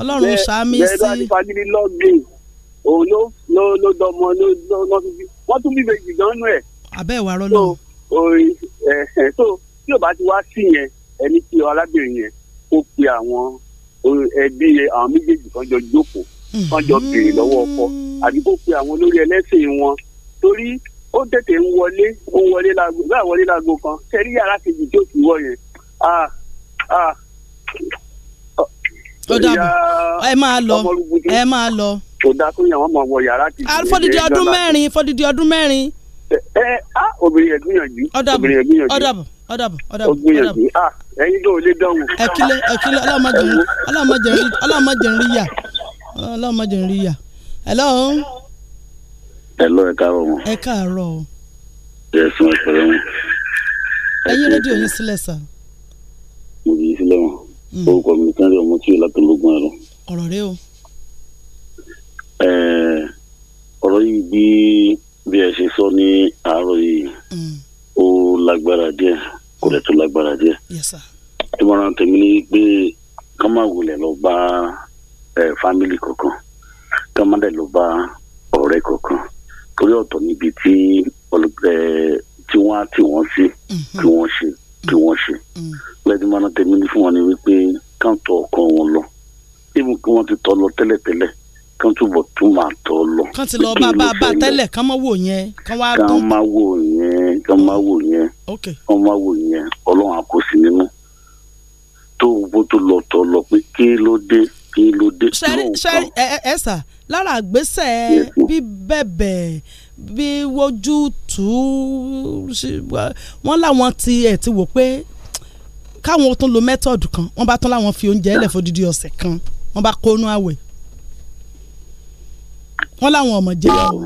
ọlọ́run ṣàmì sí. bẹ́ẹ̀ bá fagídí lọ́gìn òun ló ló ló dọmọ ló ló fi fi wọ́n tún bí méjì gan nù ẹ̀. abẹ́ ìwà rọ́ so tí ò bá ti wá sí yẹn ẹni tí arábìnrin yẹn kó pe àwọn ẹbí àwọn méjèèjì kan jọ jókòó kan jọ mm-hmm. béèrè lọ́wọ́ ọkọ àbí kó pe àwọn olórí ẹlẹ́sìn wọn torí ó tètè ń wọlé ó wọlé láago bá wọlé láago kan sẹ́rí yàrá kejì tó ti wọ yẹn ó dàbọ̀ ẹ máa lọ ẹ máa lọ. kò dáa kó yàn wọ́n máa wọ yàrá kejì. fọdidi ọdún mẹ́rin fọdidi ọdún mẹ́rin. ẹ ẹ á obìnrin yẹn gbìyànjú obìnrin yẹn gbìyànjú. ó dàbọ̀ ó dàbọ̀ ó dàbọ̀ ó gbìyànjú à ẹyin tó lè dánwò. ẹ kílẹ̀ ẹ kílẹ̀ ọlọ́mọdé ń rí yà ọlọ́mọdé ń rí yà. hello. hello? ẹ̀lọ́ ẹ̀ka ọ̀hún. ẹ káàárọ̀ o. ẹ̀sùn ọ̀pẹ̀rẹ̀ wọn. ẹyí rédíò yín sílẹ̀ sà. mo fi sílẹ̀ wọn. Mm. orúkọ mi kẹ́rin ọmọ tí ìlà tó lógún ẹ̀rọ. ọ̀rọ̀ rẹ o. ọ̀rọ̀ yìí bí bí ẹ ṣe sọ ní àárọ̀ yìí mm. ó lágbára díẹ̀ kò lè tó lágbára díẹ̀. ìmọ̀ràn tèmi ni pé ká má wulẹ̀ lọ bá fámìlì kankan ká má dẹ̀ lọ bá ọ̀rẹ́ kankan torí ọ̀tọ̀ níbi tí tí wọ́n á tì wọ́n sí kí wọ́n ṣe kí mhm. wọ́n ṣe mhm. lẹ́dìmọ́nà tèmi ní fún wọn ni wípé kàn ọkàn wọn lọ ibi kí wọ́n ti tọ́ lọ tẹ́lẹ̀tẹ́lẹ̀ kàn túbọ̀ tún máa tọ́ lọ. kàn ti lọ bá bá bá tẹ́lẹ̀ kàn má wò yẹn kàn wá dùn. kàn má wò yẹn kàn má wò yẹn kàn má wò yẹn ọlọ́run àkóso nínú tó bó tó lọ tọ́ lọ pé kí ló dé kí ló dé lóhùn kan. ẹ sà lára àgbésẹ̀ bíbẹ̀bẹ̀ bí wojú tù ú wọ́n láwọn ti ẹ̀ ti wò pé káwọn tún lo mẹ́tọ̀dù kan wọ́n bá tún láwọn fi oúnjẹ ẹlẹ̀ fódìdí ọ̀sẹ̀ kan wọ́n bá kónú àwẹ̀ wọ́n láwọn ọmọ jẹ́ o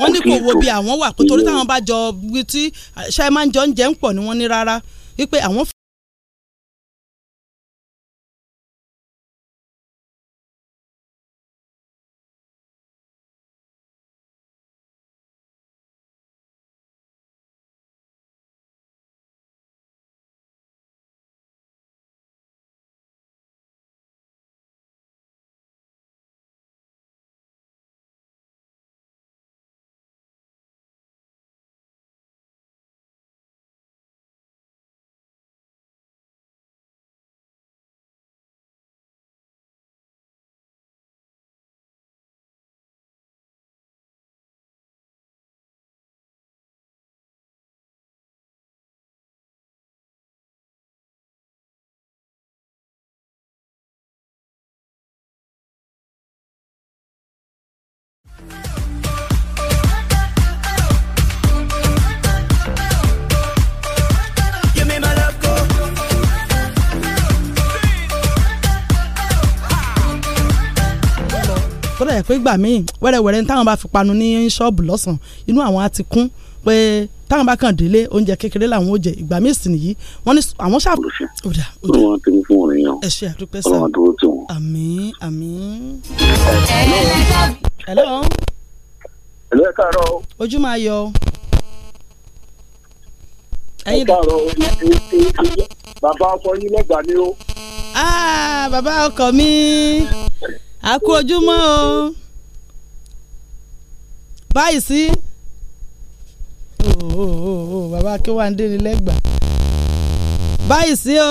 wọ́n ní kò wo bí àwọn wà pé torí táwọn bá jọ tí ṣe máa ń jọ oúnjẹ ń pọ̀ ni wọ́n ní rárá wípé àwọn tó dẹ̀ pé gbà míì wẹ́rẹ́wẹ́rẹ́ ní táwọn bá fi panu ní ṣọ́ọ̀bù lọ́sàn-án inú àwọn á ti kún pé táwọn bá kàn délé oúnjẹ kékeré làwọn ò jẹ ìgbà míì sì nìyí wọ́n ní àwọn ṣáà. olùṣe ọ̀dà ọ̀dà ọ̀dà tó ń fún òun yàn ẹ ṣe àdúpẹ́ sá ọ̀dà tó ń tún. àmín àmín. hello. hello ẹ káàárọ̀. ojú máa yọ. ẹ káàárọ̀ bàbá ọkọ yín lẹ́gbàá ni ó. Ah, bàbá ọkọ mi a kú ojúmọ́ o báyìí sí. bàbá akéwàndé ni lẹ́gbàá báyìí sí o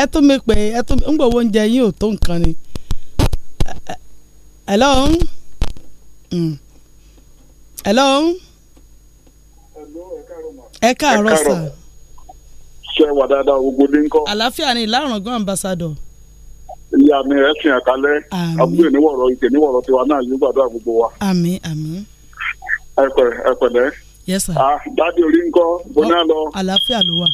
ẹ tún mi pè ẹ tún mi ń gbowó oúnjẹ yín ò tó nǹkan ni hello hmm. hello ẹ káàárọ̀ sà ṣe wà dáadáa ògòdì ńkọ́. àlàáfíà ni ìlàrọ̀gán ambassador. ìyá mi rẹ̀ sìn àkálẹ́ àbúrò níwọ̀rọ̀ ìtè níwọ̀rọ̀ tiwa náà yóò gbàdúrà gbogbo wa. àmín àmín. ẹ pẹ̀lẹ́ yes sir. ah dáàdi orí ńkọ́ bóná lọ. àlàáfíà ló wà.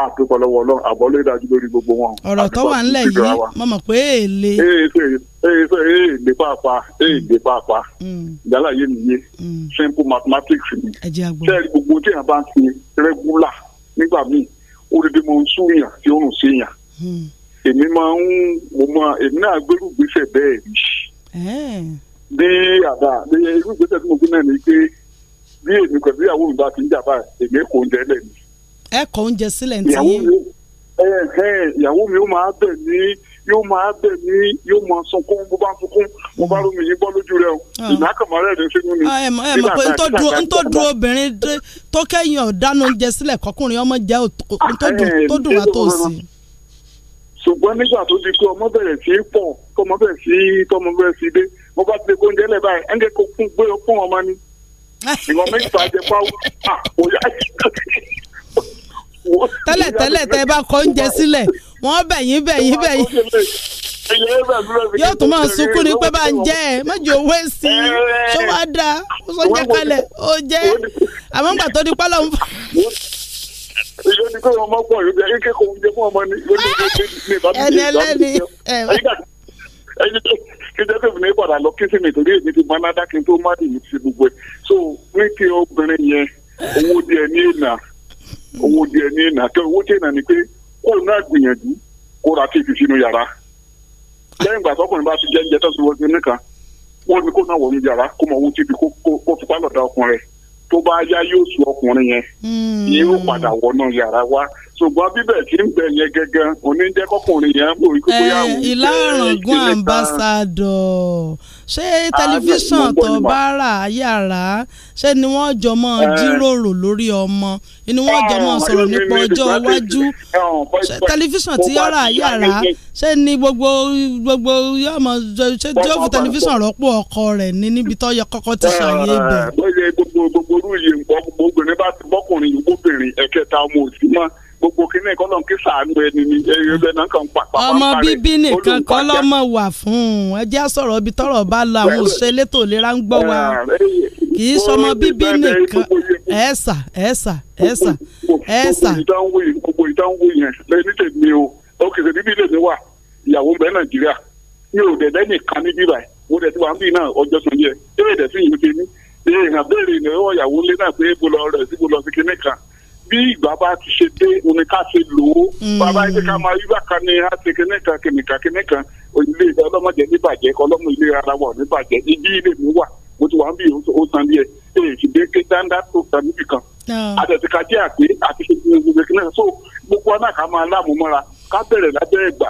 a dúpọ̀ lọ́wọ́ lọ àbọ̀lé dájú lórí gbogbo wọn. ọ̀rọ̀ tó wà ńlẹ̀ yìí mo mọ̀ pé èlé. èèfé èèlé pàápàá èèlé mm. pàápàá ìdálàyé mm. nìyé mm. simple mathematics ni. ẹ jẹ́ àgbọ̀. sẹ́ẹ̀rì gbogbo tí èèyàn bá ń ṣe regular nígbà míì ó dédé mo ń sún yàn tí ó rùn sí yàn hmm. èmi máa ń mo máa èmi náà gbérù gbèsè bẹ́ẹ̀ rí ní àbá ní irú gbèsè tí mo gbé náà ni pé bí èmi pẹ̀lú ìyàwó mi bá ti ń jà báyìí èmi kò ń jẹ lẹ́nu. ẹ kọ oúnjẹ sílẹ̀ ní tí. ìyàwó mi ó máa bẹ̀ ní yóò máa bẹ̀ mí yóò máa sunkún bó bá sunkún mo bá rómi hmm. yín bọ́ lójú rẹ o ah. ìgbà kàmọ́rẹ́ rẹ sínú ni. Ah, ẹ mọ̀ pé ntọ́ du obìnrin tó kẹ́yìn ọ̀dánù oúnjẹ sílẹ̀ kọkùnrin ọmọ jẹ́ tó dùn wá eh, tó sí. ṣùgbọ́n nígbà tó di pé ọmọ bẹ̀rẹ̀ sí í pọ̀ tọmọ bẹ̀rẹ̀ sí í tọmọ bẹ̀rẹ̀ sí í dé mo bá ti lè kó oúnjẹ lẹ̀ báyìí ẹ̀ ń kẹ́kọ̀ọ́ fún gbé fún ọmọ ni ìwọ̀n mẹ́ta jẹ tẹ́lẹ̀ tẹ́lẹ̀ tẹ́ ẹ bá kọ oúnjẹ sílẹ̀ wọ́n bẹ̀yìn bẹ̀yìn bẹ̀yìn yóò tún máa sunkún ni pé bá ń jẹ́ ẹ mẹ́jọ owó èsì ṣó wá da ó sọ jẹ́ kalẹ̀ ó jẹ́ àmọ́ gbà tó di pálọ̀ ń fà. ẹni tó kí pé mi padà lọ kí sí torí èmi ti mọ anádá kí tó má dì mí gbogbo ẹ̀ so ní ti obìnrin yẹn owó díẹ̀ ní ìlà owó díẹ̀ ní nàkẹ́ owó tí èèyàn ní pé kóun náà gbìyànjú kó ra kéèkì sínú yàrá lẹ́yìn ìgbà tọkùnrin bá ti jẹ́ oúnjẹ tọ́sí wọ́n ti nìkan wọ́n ní kó náà wọ̀ ní yàrá kó mọ owó tí ibi kó ọkùnrin ṣùgbọ́n bíbẹ̀ tí ń bẹ̀ yẹn gangan oníjẹ́kọ́kùnrin yẹn ń bò wípé bóyá òun jẹ́ ìlàrọ̀gùn ambassadọ̀ ṣé ah, tẹlifíṣàn tó bá rà yàrá ṣé ni wọ́n jọ máa eh. jíròrò lórí ọmọ ni wọ́n jọ máa ah, sọ̀rọ̀ nípa ọjọ́ iwájú tẹlifíṣàn tí yàrá yàrá ṣé ni gbogbo gbogbo yóò mọ ṣé yóò fi tẹlifíṣàn rọ́pò ọkọ rẹ̀ ní níbi tó yẹ kọ́kọ́ ti ah, ṣàyè bẹ̀. bóyá gbogbo gbogbo orú yìí gbogbo obìnrin bá ti bọ́kùnrin gbogbo obìnrin ẹ̀kẹta ọmọ òsì mọ́ gbogbo kínní kọ́lọ́n kí sàánú ẹni ni ẹgbẹ́ náà kàn pàpà. ọmọ bíbí nìkan kọ́ wà fún un ẹ jẹ́ ibi tọ́rọ̀ bá la òun ṣe elétò ìlera ń gbọ́ wa kì í sọmọ bíbí nìkan ẹ̀ẹ́sà ẹ̀ẹ́sà ẹ̀ẹ́sà ẹ̀ẹ́sà. gbogbo ìdánwò yẹn lẹ́ni tèmi o ó kèsè bíbí lèmi wà ìyàwó bẹ Nàìjíríà mi ò dẹ̀dẹ́ nìkan ní bíbà mo dẹ̀ ti wà ń náà ọjọ́ tó yẹ ìrèdẹ̀ sí ìlú tèmi èèyàn béèrè ìnáwó ìyàwó lé náà bí ìgbà bá ti ṣe dé omi ká ṣe lò ó mm. bàbá yìí ká máa yí bákan ní àti kìnìkan kìnìkan kìnìkan ilé ìdá ọlọ́mọdé níbàjẹ́ ọlọ́mọ ilé ara wà níbàjẹ́ ibi ilé mi wà mo ti wà ń bí o san díẹ̀ ee ti déké dáńdá tó ta níbì kan àtẹ̀síkà jẹ́ àpé àti ṣe ti gbogbo kìnìkan so gbogbo ọ̀nà ká máa láàmú mọ́ra ká bẹ̀rẹ̀ lábẹ́ ẹ̀gbà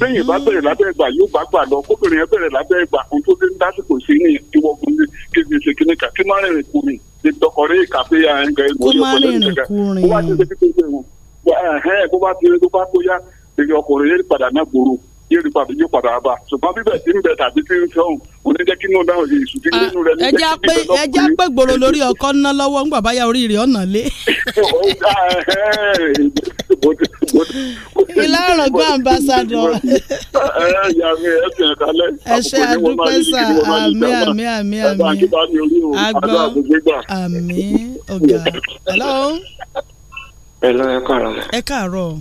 bẹ́yìn mm. bá bẹ̀rẹ̀ lábẹ́ ẹ̀gbà yóò bá gbà lọ kóbìnrin yẹn bẹ̀rẹ̀ lábẹ́ ẹ̀gbà ohun tó dé ń dásìkò sí ní ìwọ̀gùn ní kébìsì kìnìkan kí má rìnrìn kù mí dọkọrẹ kàfé yà ń gẹ ìwé ọkọlẹ nìkan kó bá ti ṣe kékeré wọn ẹhẹn kó bá ti ṣe tó bá tó yá èyí ọkọrẹ yẹn padà náà gbòòrò yéèrè padà yóò padà bá ṣùgbọ́n bíbẹ̀ tí ń bẹ tàbí tí ń fẹ́hùn oníjẹ́ kí náà dáhùn yìí ṣùgbọ́n nínú ah, rẹ̀ ní ẹjẹ́ pé ẹjẹ́ pé gbòòrò lórí ọkọ ńná lọ́wọ́ ń bàbá ya ọ̀nà lé. mi láàárọ̀ gbọ́ ambassadọ̀. ẹ àdúpẹ́ sà àmì àmì àmì àmì àgbà àmì ọ̀gá. hello. hello ẹ káàárọ̀. ẹ káàárọ̀.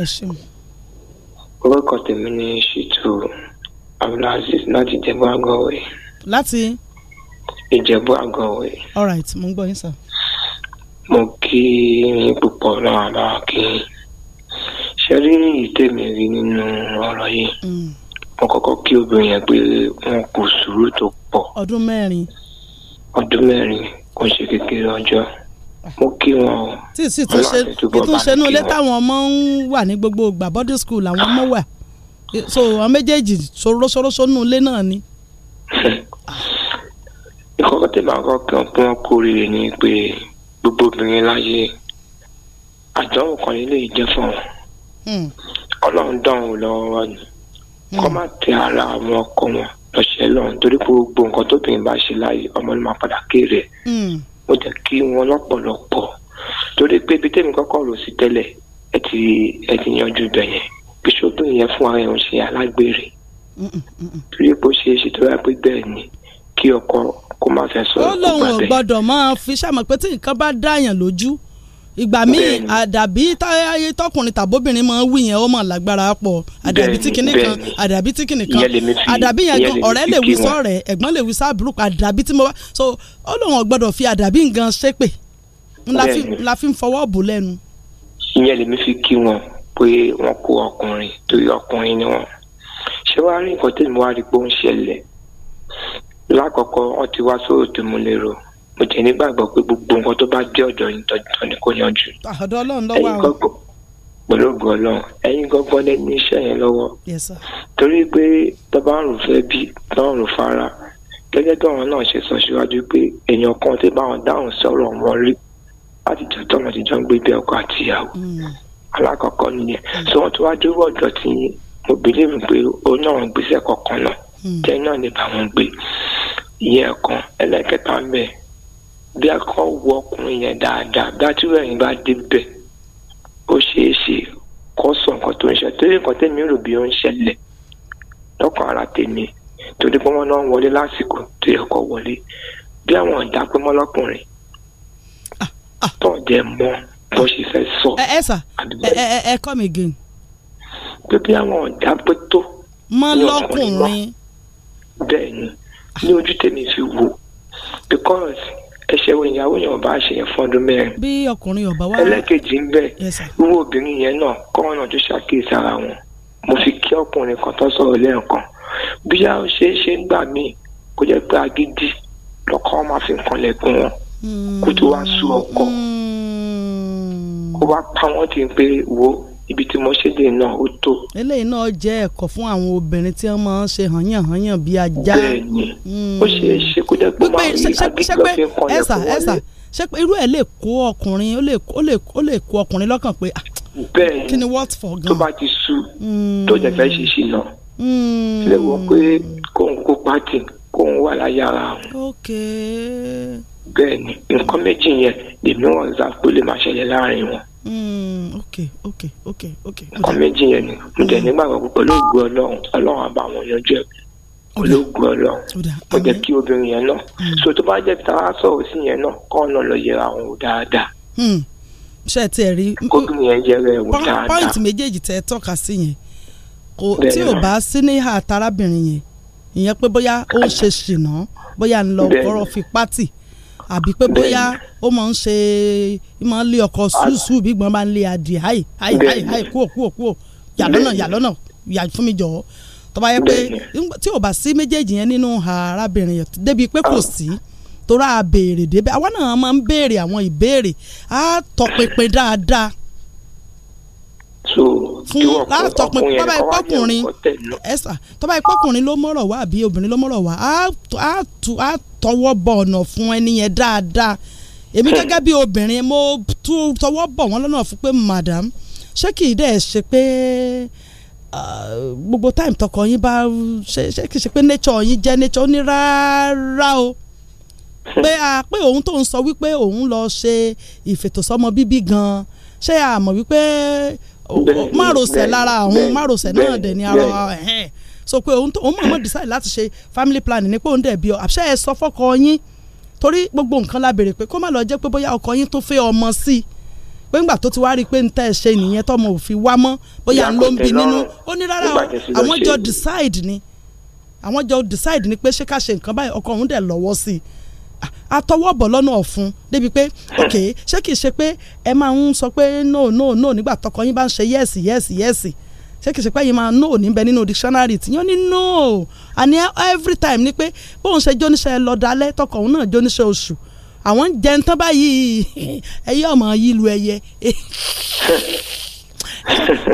ẹ ṣeun. orúkọ tèmi ni ṣètò abdulaziz láti Ìjẹ̀bú Àgọ́wé. láti. Ìjẹ̀bú Àgọ́wé. all right mo ń gbọ́ yín sà. mo kí yín púpọ̀ lára kí yín ṣe rí ìtẹ̀mí rí nínú ọ̀rọ̀ yìí wọ́n mm. kọ́kọ́ kí obìnrin yẹn pé wọn kò sùúrù tó pọ̀. ọdún mẹ́rin. ọdún mẹ́rin kò ṣe kékeré ọjọ́ mo kí wọn o. tí sì tún ṣe ìtúnṣe inú ilé táwọn ọmọ ń wà ní gbogbo ìgbà boarding school làwọn ọmọ wà so àwọn méjèèjì ṣoróṣoróṣo nínú ilé náà ni. ìkọ́kọ́ tẹ̀lé àwọn kan pé wọ́n kórìíre ni pé gbogbo obìnrin láyé àdánwò kan lè jẹ́ fún wọn. Hmm. ọlọ́run dán òun lọ́wọ́ wá ni hmm. kọ́ má tẹ ara àwọn ọkọ wọn lọ́sẹ̀ lọ́run torí pé gbogbo nǹkan tóbìnrin bá ṣe láàyè ọmọ ló máa padà kéré ẹ̀ hmm. mo jẹ́ kí wọn lọ́pọ̀lọpọ̀ torí pé ibi tẹ́mi kọ́kọ́ rò sí tẹ́lẹ̀ ẹ ti ẹ ti yanjú ibẹ̀ yẹn bíṣọ́pù yẹn fún ara ẹ̀hún ṣe alágbèrè torí pé ó ṣe é ṣe tó yà pé bẹ́ẹ̀ ni kí ọkọ kó má fẹ́ sọ̀rọ̀ kó gbàgbẹ́. ó lóun ò gbọ́dọ̀ máa fi ṣàmọ̀ pé tí nǹkan bá dáàyàn lójú ìgbà míì àdàbí táyé tọkùnrin tàbóbìnrin máa ń wí yẹn ó mọ̀ lágbára pọ̀ àdàbí tí kinní kan àdàbí tí kinní kan àdàbí yẹn gan ọ̀rẹ́ lè wí sọ̀rẹ́ ẹ̀gbọ́n lè wí sábùrù àdàbí tí mo bá so ó lóun ọ̀gbọ́dọ̀ fi àdàbí nǹkan ṣépè ńlá fi ń fọwọ́ bò lẹ́nu. ìyẹn lèmi fi kí wọn pé wọn kó ọkùnrin torí ọkùnrin ni wọn ṣé wàá rí nǹkan tí mo wá rí pé ó ń ṣẹlẹ̀ lákọ̀ọ́kọ́ wọn ti wá sóòtú mú lérò mo jẹ́ nígbàgbọ́ pé gbogbo nǹkan tó bá dé ọ̀dọ̀ yín tọ́jú ni kò yanjú. Ah, ọ̀dọ̀ ọlọ́run lọ́wọ́ àwọn. pẹ̀lú ògùn ọlọ́run ẹ̀yin gangan lẹ́nu iṣẹ́ yẹn lọ́wọ́. torí pé tọ́ba ń rùn fẹ́ bí tọ́ba ń rùn fara gẹ́gẹ́ bí àwọn náà ṣe sọ síwájú pé èèyàn kan tí báwọn dáhùn sọ̀rọ̀ wọn rí láti jọ tọ́mọ ti jọ ń gbé bí ọkọ àti ìyàwó hmm. alákọ̀ọ́kọ́ nìyẹn hmm. sọ wọn tó wá dúró ọ̀dọ̀ tí mo bìlíìfù pé ó náà ń gbéṣẹ́ kọ̀ọ̀kan náà tẹ́ hmm. náà ní bá gbé ìyẹn kan ẹlẹ́kẹta ń bí akọ wọ ọkùnrin yẹn dáadáa bí atúwẹ̀ yìí bá débẹ̀ ó ṣeé ṣe kó sọ nǹkan tó ń ṣe torí nǹkan tèmi rò bí ó ń ṣẹlẹ̀ lọ́kàn ara tèmi torí pé wọ́n náà wọlé lásìkò tó yẹ kó wọlé bí àwọn ọ̀dà pé mọ́ lọ́kùnrin tó jẹ́ mọ́ bó ṣe fẹ́ sọ. ẹ ẹ sà ẹ ẹ ẹ kọ́ mi again. pé bí àwọn ọ̀dà pé tó. mọ́ lọ́kùnrin. bẹ́ẹ̀ ni ní ojú tèmi fi wò because ẹ̀ṣẹ̀ wo ìyàwó yẹn ọba ṣe yẹn fún ọdún mẹ́rin. bí ọkùnrin ọba wa. ẹlẹ́kejì ń bẹ̀ irú obìnrin yẹn náà kọ́wọ́n náà tó ṣàkíyèsí ara wọn mo fi kí ọkùnrin kan tó sọ̀rọ̀ lẹ́ẹ̀kan bóyá ó ṣeé ṣe ń gbà míì kó jẹ́ pé agídí lọ́kọ́ máa fi nǹkan lẹ́gùn wọn kó tó wá sú ọkọ hmm. kó wá pa wọ́n ti pé wo ibi tí mo ṣe dé náà ó tó. eléyìí náà jẹ́ ẹ̀kọ́ fún àwọn obìnrin tí wọ́n máa ń ṣe hànyànhànyàn bíi ajá. bẹ́ẹ̀ni ó ṣe é ṣe kó jẹ́ pé máa rí àgbégbá fi ń kan ẹ̀kọ́ wọlé. ṣé pé irú ẹ̀ lè kó ọkùnrin ó lè kó ọkùnrin lọ́kàn pé ah, bẹ́ẹ̀ tó bá ti sú hmm. tó jẹ fẹ́ ṣe ṣì náà. lè wọ pé kóun kó pátì kóun wà láyà ara àwọn. bẹ́ẹ̀ni nǹkan méjì yẹn lèmi wọn zà tó lè máa ṣẹlẹ̀ láàrin wọn. Hmm, ok ok ok ok. ọ̀tá méjì yẹn ni mo dẹ̀ nígbàgbọ́ púpọ̀ lóògùn ọlọ́run ọlọ́run àbá àwọn yanjú ẹ̀ ológun ọlọ́run ó jẹ́ kí obìnrin yẹn náà hmm. so tó bá jẹ́ bí táwa sọ̀rọ̀ sí yẹn náà kọ́ ọ̀nà lọ yẹra àwọn ò dáadáa. Hmm. ṣé ẹ ti ẹ̀ rí kókùnrin yẹn yẹra ẹ̀ wò dáadáa pọ́ìntì méjèèjì tẹ́ ẹ tọ́ka sí yẹn kò tí ò bá sí ní ìhà àtàràbìnrin yẹn ìyẹn pé bóyá ó ń ṣe ṣìnà bóyá ń lọ kọ́rọ̀ fi pátì àbí pé bóyá ó máa ń ṣe máa ń lé ọkọ ṣùṣù bí gbọ́n bá ń lé adìẹ háì háì háì háì kúò kúò kúò yà lọ́nà yà lọ́nà yà fún mi jọ̀ọ́ tó bá yẹ pé tí ò bá sí méjèèjì yẹn nínú arábìnrin yẹn débi pé kò sí tó rà á béèrè débẹ̀ àwa náà máa ń béèrè àwọn ìbéèrè á tọpinpin dáadáa so fún látọpin tọ́ba ìpọ́kùnrin ẹ̀sà tọ́ba ìpọ́kùnrin ló mọ̀rọ̀ wá àbí obìnrin ló mọ̀rọ̀ wá á tọwọ́ bọ̀ ọ̀nà fún ẹni yẹn dáadáa èmi hmm. gẹ́gẹ́ bí obìnrin mo tọwọ́ bọ̀ wọ́n lọ́nà fún pé madam ṣé kì í dẹ̀ ṣe pé gbogbo time tọkọ yín bá ṣe kì í ṣe pé nature yín jẹ́ nature ó ní rárá o hmm. pé a pé òun tó ń sọ wípé òun lọ ṣe ìfètòsọ́mọ bíbí gan-an ṣé a mọ̀ wípé márosẹ̀ lára àwọn márosẹ̀ náà dẹ̀ ni arọ ẹ̀hẹ́n so pé òun mọ̀ọ́mọ̀ decide láti ṣe family planning ni pé òun dẹ̀ bí ọ àṣẹ ẹ sọ fọ́kọ yín torí gbogbo nǹkan la béèrè pé kó má lọ jẹ́ pé bóyá ọkọ yín tó fẹ́ ọmọ sí i pé ńgbà tó ti wá rí i pé ń tẹ́ ẹ ṣe nìyẹn tọmọ ò wá mọ́ bóyá ló ń bi nínú ó ní rárá àwọn jọ decide ni àwọn jọ decide ni pé ṣé ká ṣe nǹkan báyìí ọkọ òun dẹ̀ lọ́wọ́ sí i atọwọ́bọ̀ lọ́nà ọ̀fun débi pé ok ṣé kìí ṣe pé ẹ máa ń sọ pé no no no nígbà tọkọ yín bá ń ṣe yes yes yes ṣé kìí ṣe pé yín máa no níbẹ̀ nínú dictionary tí yín ó ní no àní every time ni pé bóun ṣe jóníṣẹ́ lọ́dalẹ́ tọkọ òun náà jóníṣẹ́ oṣù àwọn ń jẹun tán báyìí ẹyẹ ọmọ yìí ẹyẹ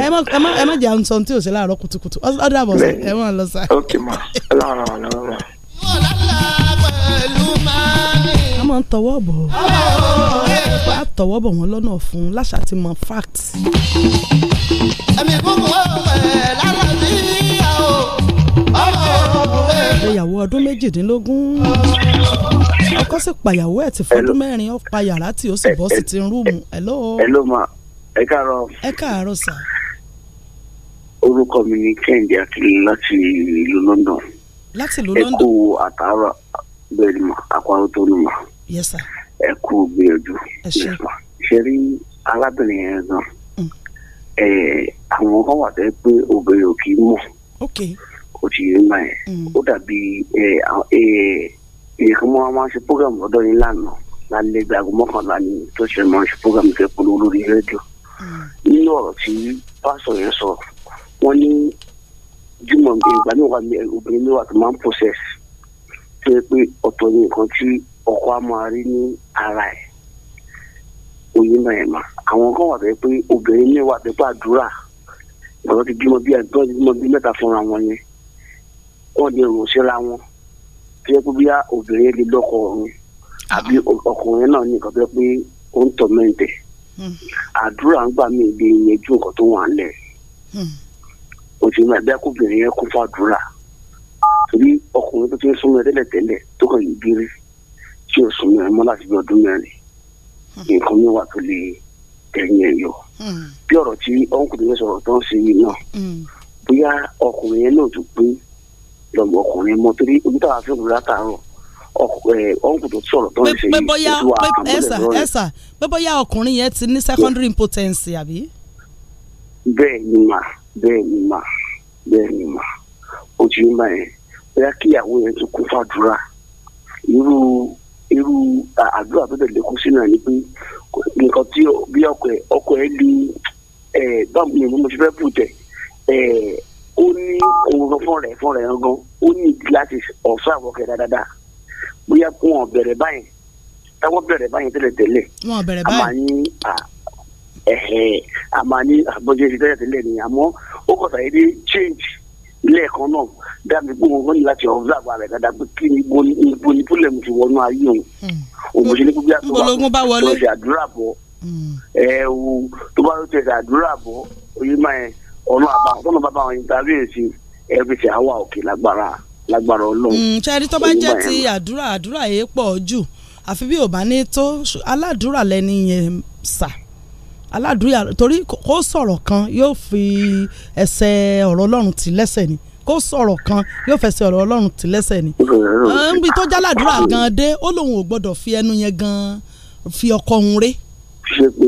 ẹ má jẹ àwọn sọ tí o ṣe láàárọ̀ kùtùkùtù ọdọ ẹ má lọ sá. ok ma ẹ láwọn ọ̀nà wọn. mo lálàá pẹ̀lú máa ń tọwọ́ bọ̀ wá tọwọ́ bọ̀ wọ́n lọ́nà fún láṣà ti mọ fact. ẹ̀mí kúkú ọ̀pẹ̀ lára bí ìyá o ìyàwó ọdún méjìdínlógún ọkọ sì pàyàwó ẹ̀ ti fọdún mẹ́rin ó pa yàrá tí ó sì bọ́ sí ti rúùmù hello. hello ma ẹ káàárọ̀. ẹ káàárọ̀ sà. orúkọ mi ni kẹ́hìndé akílẹ̀ láti ìlú London. láti ìlú London. ẹ kú àtàárọ̀ bẹ́ẹ̀ ni mà àkọ́rọ́ tó nù mà ẹ kú gbìyànjú ṣe rí arábìnrin yẹn náà mm. àwọn kan wà fẹ́ pé obìnrin ò kì í mọ̀ ó ti yé mà yẹn mm. ó dàbí èèkàn mọ́ àwọn aṣọ program lọ́dọ̀ yín lánàá lálẹ́ gbàgbọ́ mọ́kànlá ni tó ṣe máa ń ṣe program fẹ́ polówó lórí rédíò mm. nínú ọ̀rọ̀ tí pásọ̀ yẹn sọ wọ́n ní jùmọ̀ ìgbà náà wà ní obìnrin mẹ́wàá tó máa ń process tó yẹ pé ọ̀tọ̀ ni nǹkan tí ọkọ amọ̀hárí ní ara ẹ̀ oyin náà ẹ̀ mà àwọn kan wà bẹ́ẹ̀ pé obìnrin ní wà bẹ́ẹ̀ pé àdúrà ọ̀rọ̀ ti bímọ bí àdúrà ti bímọ bí mẹ́ta fúnra wọn yẹn wọ́n di èrò síra wọn tó yẹ pé bí obìnrin lè lọ́kọ ọ̀run àbí ọkùnrin náà ní nǹkan tó yẹ pé ó ń tọ̀ mẹ́ǹtẹ̀ hmm. àdúrà ń gbà mí ibi ìyẹjú nǹkan tó wà ń lẹ̀ òṣèlú hmm. àbẹ́kùnrin yẹn kún fún àdúrà torí ọkùnrin tó ti ń súnmọ́ tẹ́lẹ̀tẹ́lẹ̀ tó kàn yí gírí tí o sùn mẹ́rin mọ́ láti bí ọdún mẹ́rin hmm. nǹkan mi wà tó lè tẹ̀yìn ẹ̀ yọ. Hmm. bí ọ̀rọ̀ tí ọkùnrin yẹn sọ̀rọ̀ tó ń ṣe yìí náà hmm. bóyá ọkùnrin yẹn náà tún pín lọ́gbọ̀n ọkùnrin mọ́ torí ojú táwa fi látàárọ̀ ọkùnrin tó sọ̀rọ̀ tó ń ṣe yìí ojú wa àmúlẹ̀ lọ́rẹ̀. ẹ̀sà pé bóyá ọkùnrin yẹn ti ní irú àdúrà tó tẹ̀lé kú sínú àní pé nǹkan tí bí ọkọ ẹ ọkọ ẹ lu báwo ni mo ti fẹ́ pù tẹ̀ ó ní òun fún rẹ̀ fún rẹ̀ ó ní gíláàsì ọ̀ṣọ́ àwọ̀kẹ́ dáadáa bóyá wọn bẹ̀rẹ̀ báyìí táwọn bẹ̀rẹ̀ báyìí tẹ́lẹ̀ tẹ́lẹ̀ wọn ní àbọ̀jẹ́ ti tẹ́lẹ̀ ni àmọ́ ó kọ̀ sàyẹ́dẹ́ change lẹ́ẹ̀kan náà dábì pé wọ́n ní láti observe ààrẹ dáadáa pé kí ni ibo ni púlẹ̀mù ti wọnú ayé òun hmm. òun ṣe ní gbígbé àtúwà tó ṣe àdúrà bọ̀ hmm. ẹ wo tó bá tó ṣe àdúrà bọ̀ oyè máa yẹn ọ̀nà àbá ọ̀nà bàbá àwọn interview sí ẹ fi ṣe àwa òkè lágbára lágbára ọlọ́run. Hmm, ṣẹ́ẹ́rì tó bá jẹ́ ti àdúrà àdúrà yẹn pọ̀ jù àfi bí ò bá ní tó aládùúrà lẹ́ni yẹn sà aládùúyà torí kó sọ̀rọ̀ kan yóò fi ẹsẹ̀ ọ̀rọ̀ ọlọ́run tì lẹ́sẹ̀ ni kó sọ̀rọ̀ kan yóò fẹsẹ̀ ọ̀rọ̀ ọlọ́run tì lẹ́sẹ̀ ni. nbi tó jáládùúrà gan dé ó lóun ò gbọ́dọ̀ fi ẹnu yẹn gan fi ọkọ òun ré. ṣé pé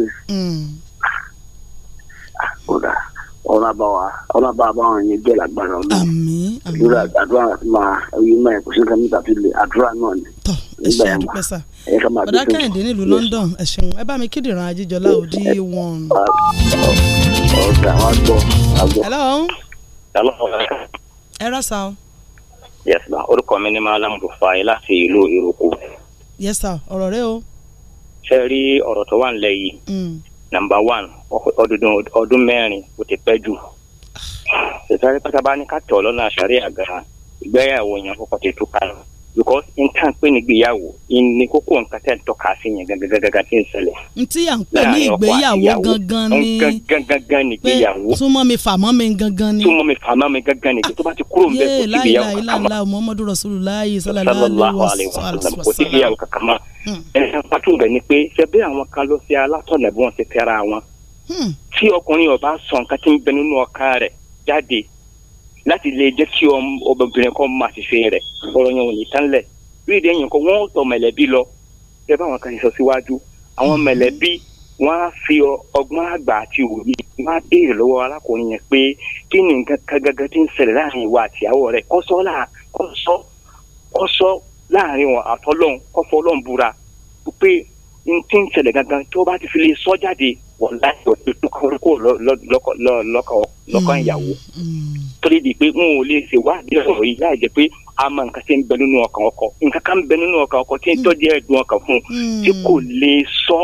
kódà ọlábàwà ọlábàwà àwọn yẹn jẹ́ làgbára ọlọ́run àdúrà àdúrà máa ẹ̀yìn máa ẹ̀kọ́ sí kàmítà fi lè àdúrà náà ni tọ̀ ẹ ṣe àdúpẹ́ sà bàdá kẹ́hìndé nílùú London ẹ ṣeun ẹ bá mi kíndìnrín ajíjọlá òdì wọn. hello. hello. ẹ rà sá o. yes ma orúkọ mi ni malam rufai láti ìlú ìrókò. yes sir ọ̀rọ̀ rẹ o. ṣe rí ọ̀rọ̀ tó wà nílẹ̀ yìí hmm. number one ọdún mẹ́rin kò ti pẹ́ jù ah. ṣètò àríkọ́tà bá ní ká tọ̀ lọ́nà àṣàrí àgbà ìgbéyàwó yẹn kọ́kọ́ ti tú kálọ̀ because n tàn pé ní gbéyàwó ní kókó nǹkan tẹ́ ń tọ́ka sí yẹn gangan tí ń ṣẹlẹ̀. n tí à ń pè ní ìgbéyàwó gangan ni gangan ni ìgbéyàwó. súnmọ́ mi fàmọ́ mi gangan ni. súnmọ́ mi fàmọ́ mi gangan ni ah, tó bá ti kúrò nbẹ kò sí ìgbéyàwó kankan mọ́. yéé láìláìláìlá muhammadu rasulillah sallallahu alayhi wa sallam kò sí ìgbéyàwó kankan mọ́. Hmm. ẹnìkan pàtó bẹ̀ ni pé ṣe bí àwọn kan lọ sí alátọ̀nà bí wọ́n ti tẹ́ra wọn. Hmm. tí ọkùnrin ó bá sọ nǹkan tí ń bẹ nínú ọkàn rẹ̀ jáde láti lè jẹ́ kí ọmọbìnrin kan máa ti ṣe rẹ̀ ọ̀rọ̀ yẹn ò ní tán lẹ̀ rí ìdí ẹ̀yìn kan wọ́n tọ̀ mẹ̀lẹ́bí lọ ẹ bá wọn kan ṣe sọ síwájú àwọn mẹ̀lẹ́bí wọ́n á fi ọgbọ́n àgbà àti òbí wọ́n á béèrè lọ́wọ́ arákùnrin yẹn pé kí ni nǹkan kan gangan ti ń ṣẹlẹ̀ láàrin ìwà àtìyàwó rẹ̀ kọ́sọ́ láàrin wọn àtọ́lọ́hún kọ́fọ́ ọlọ́run búra pé n ti ń ṣẹlẹ̀ gangan tó bá ti fi lè sọ jáde wọ̀ láti ọ̀dọ̀ tó kọ́ lọ́kàn ìyàwó mm, mm torí di pé n ò lè ṣe wá bí ọ̀rọ̀ yìí láì jẹ́ pé a mọ nǹkan tí ń bẹ nínú ọkàn ọkọ nǹkan kan bẹ nínú ọkàn ọkọ tí ń mm. tọ́jú ẹ̀dùn ọkàn fún un mm. tí kò lè sọ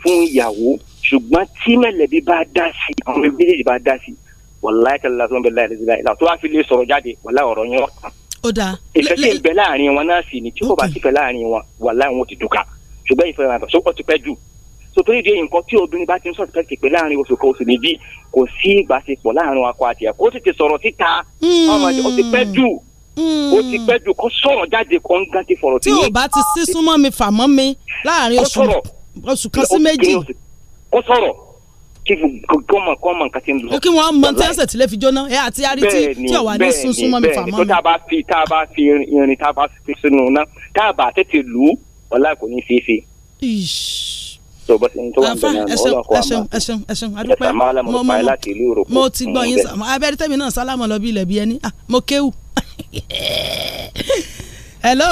fún ìyàwó ṣùgbọ́n tí mẹ̀lẹ́bí bá dá sí i àwọn méjèèjì bá dá sí i wàláyé kẹlẹ́ lásán bẹ́ẹ̀ láì lẹ́sìn láì tó wá fi lè sọ̀rọ̀ jáde wàláyé ọ̀rọ̀ yẹn ọ̀tàn. ó dáa ìfẹ́ tí ń bẹ láàrin wọn náà sì ni tí kò bá sífẹ́ láàrin wọn wàláyé wọn ti dùn ṣùgbọ́n ìfẹ́ sotori di nǹkan tí obìnrin bá ti ń sọ̀rọ̀ pẹ́ẹ́kì pé láàrin oṣù kan oṣù méjì kò sí ìbáṣepọ̀ láàrin akọ àti ẹ̀kọ́ ó sì ti sọ̀rọ̀ síta hmm. ọmọdé hmm. ó ti pẹ́ jù ó ti pẹ́ jù kó sọ̀rọ̀ jáde kó ń gán ti fọ̀rọ̀ tí. tí ò bá ti sí súnmọ́ mi fà mọ́ mi láàrin oṣù kan sí méjì. kó sọ̀rọ̀ kí gọ́mọ̀ gọ́mọ̀ nǹkan ti ń lọ. kí wọ́n mọ tí ẹsẹ̀ tí fi jóná ẹ àti arí tí tí ọ̀wà ní súnmọ́ mi fà mi. bẹ́ẹ̀ni tá a bá fi irin tá fi sínú náà tá tètè lù ú kò ní í so bó ti ń tó wà nbẹ náà ọlọkọ àmà ẹsẹun ẹsẹun adúpẹ́ mo mo mo ti gbọ́ yín sàmọ abẹ́rẹ́ tẹ̀mí náà sálámà lọ bí ilẹ̀ bí ẹni ah, mo kéwù. hello.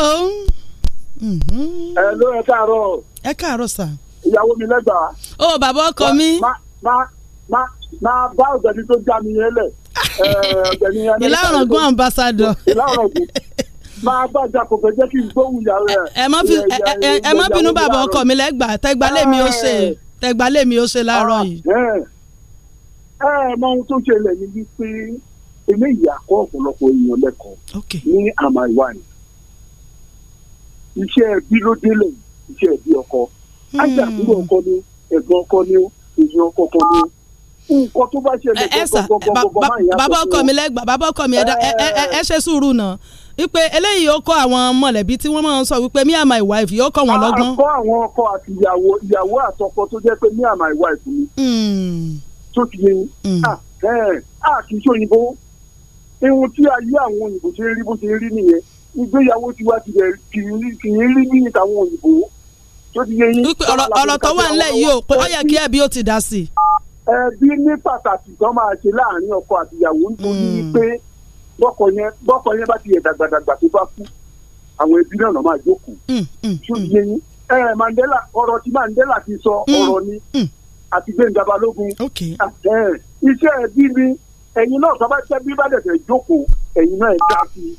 Mm-hmm. hello ẹ káàárọ̀. ẹ káàárọ̀ sà. ìyàwó mi lẹ́gbàá. ó bàbá ọkọ mi. máa bá ọ̀gbẹ́ni tó já mi yẹn lẹ̀. Eh, ìlà ọ̀rọ̀ gún ambassador. ìlà máa gbàjà kò fẹ́ jẹ́ kí n gbóhùn yàrá ẹ̀. ẹ má bínú bàbá ọkọ mi lẹ́gbà tẹgbàlé mi ó ṣe tẹgbàlé mi ó ṣe láàárọ̀ ah, yìí. ẹ ẹ mọ ohun tó ṣẹlẹ̀ ní wípé eléyìí akọ́ ọ̀pọ̀lọpọ̀ èèyàn lẹ́kọ̀ọ́ ní àmà ìwà ni iṣẹ́ ẹbí ló délẹ̀ iṣẹ́ ẹbí ọkọ hmm. ájàkúrò ọkọ ni ẹ̀gbọ́n ọkọ ni èèyàn ọkọ kan ni nǹkan tó bá ṣẹlẹ̀ gbọ́ngbọ́ngbọ́ngbọ́n máa yà á sọ fún wọn. bàbá ọkọ mi lẹ́gbàá bàbá ọkọ ẹ ṣe sùúrù náà wípé eléyìí ó kọ́ àwọn mọ̀lẹ́bí tí wọ́n máa ń sọ wípé me and my wife yóò kọ́ wọn lọ́gbọ́n. a kọ́ àwọn ọkọ àti ìyàwó ìyàwó àtọkọ tó jẹ́ pé me and my wife ni. Hmm. tó ti yẹ hmm. ah, eh, a kì í ṣe òyìnbó ihun tí ayé àwọn òyìnbó ṣe ń rí bó ṣe ń rí nìyẹn ìgbéyàwó tiwa ti rẹ̀ kì í rí ní ìtàwọn òyìnbó tó ti yẹ yín. ọ̀rọ̀ tó wà nílẹ̀ yìí o pé ó yẹ kí ẹbí ó ti dá sí i. ẹbí ní pàtàkì kan máa ṣe láàárín ọkọ àtìyàwó nítorí hmm. pé bọ́kọ yẹn bọ́kọ yẹn bá ti yẹ dàgbàdàgbà tó bá kú àwọn ẹbí náà máa jókòó mm, mm, mm. ṣó yẹ yín ẹ Mandela ọ̀rọ̀ tí Mandela ti sọ ọ̀rọ̀ ni àti Gbẹ̀ngà Balógun ah, iṣẹ́ ẹbí ni ẹ̀yin náà sábà jẹ́ bí bá dẹ̀sẹ̀ jókòó ẹ̀yin náà dá sí i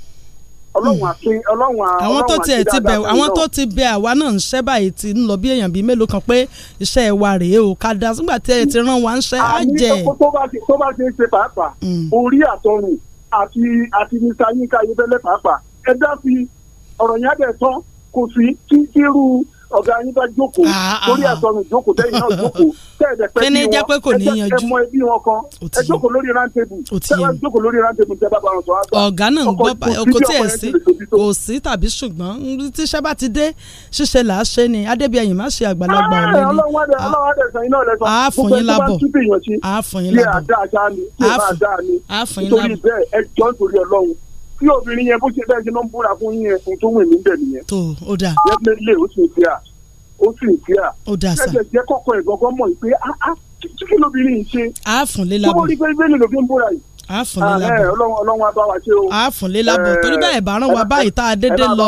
ọlọ́run àti ọlọ́run àwọn àwọn tó tiẹ̀ ti bẹ̀ àwọn tó ti bẹ̀ àwa náà ń ṣẹ́ báyìí ti ń lọ bí èèyàn bíi mélòó kan pé iṣẹ́ wa rèé o ká dá sígbà tí ẹ ti rán wa ń ṣẹ́ á jẹ́. àní tó bá ṣe tó bá ṣe ń ṣe pàápàá orí àtọrùn àti àti mr yinka ayéfẹ́lẹ́ pàápàá ẹ dá sí ọ̀rọ̀ yẹn á dẹ̀ tán kò sí tí irú ọ̀gá yín bá jókòó lórí ah, ah, àtọ̀nù ah. jókòó tẹ́yìn náà jókòó tẹ́ẹ̀dẹ̀ bí wọn ẹ mọ ẹbí wọn kan ẹ jókòó lórí rántébù tẹ́wọ́n jókòó lórí rántébù tẹ́ bá bá wọn wá gbà. ọ̀gá náà ń gbọ́ kò tí ẹ̀ sí kò sí tàbí ṣùgbọ́n tíṣẹ́ bá ti dé ṣíṣe là á ṣe ni adébíyẹ̀yìn má ṣe àgbàlagbà ọ̀lẹ́ ni. a fún yín lábọ̀ a fún yín lábọ̀ a fún yín lábọ̀ kí obìnrin yẹn bó ṣe bẹ́ẹ̀ ṣe ló ń búra fún yín yẹn fún tó wìn mí bẹ̀ nìyẹn. tó o dà. definitely ó sì ń fi à ó sì ń fi à. ó dà sá. ṣẹ̀ṣẹ̀ jẹ́ kọ́kọ́ ẹ̀ gangan mọ̀ pé ah, ah, kí lóbìnrin yìí ṣe. a fún lé lábọ̀. tó rí bẹ́ẹ̀ ló búra yìí. a fún lé ah, lábọ̀. Eh, ọlọ́run ọlọ́run abá wa ṣe o. a fún lé lábọ̀ eh, torí bẹ́ẹ̀ bá rán wa báyìí tá a dédé lọ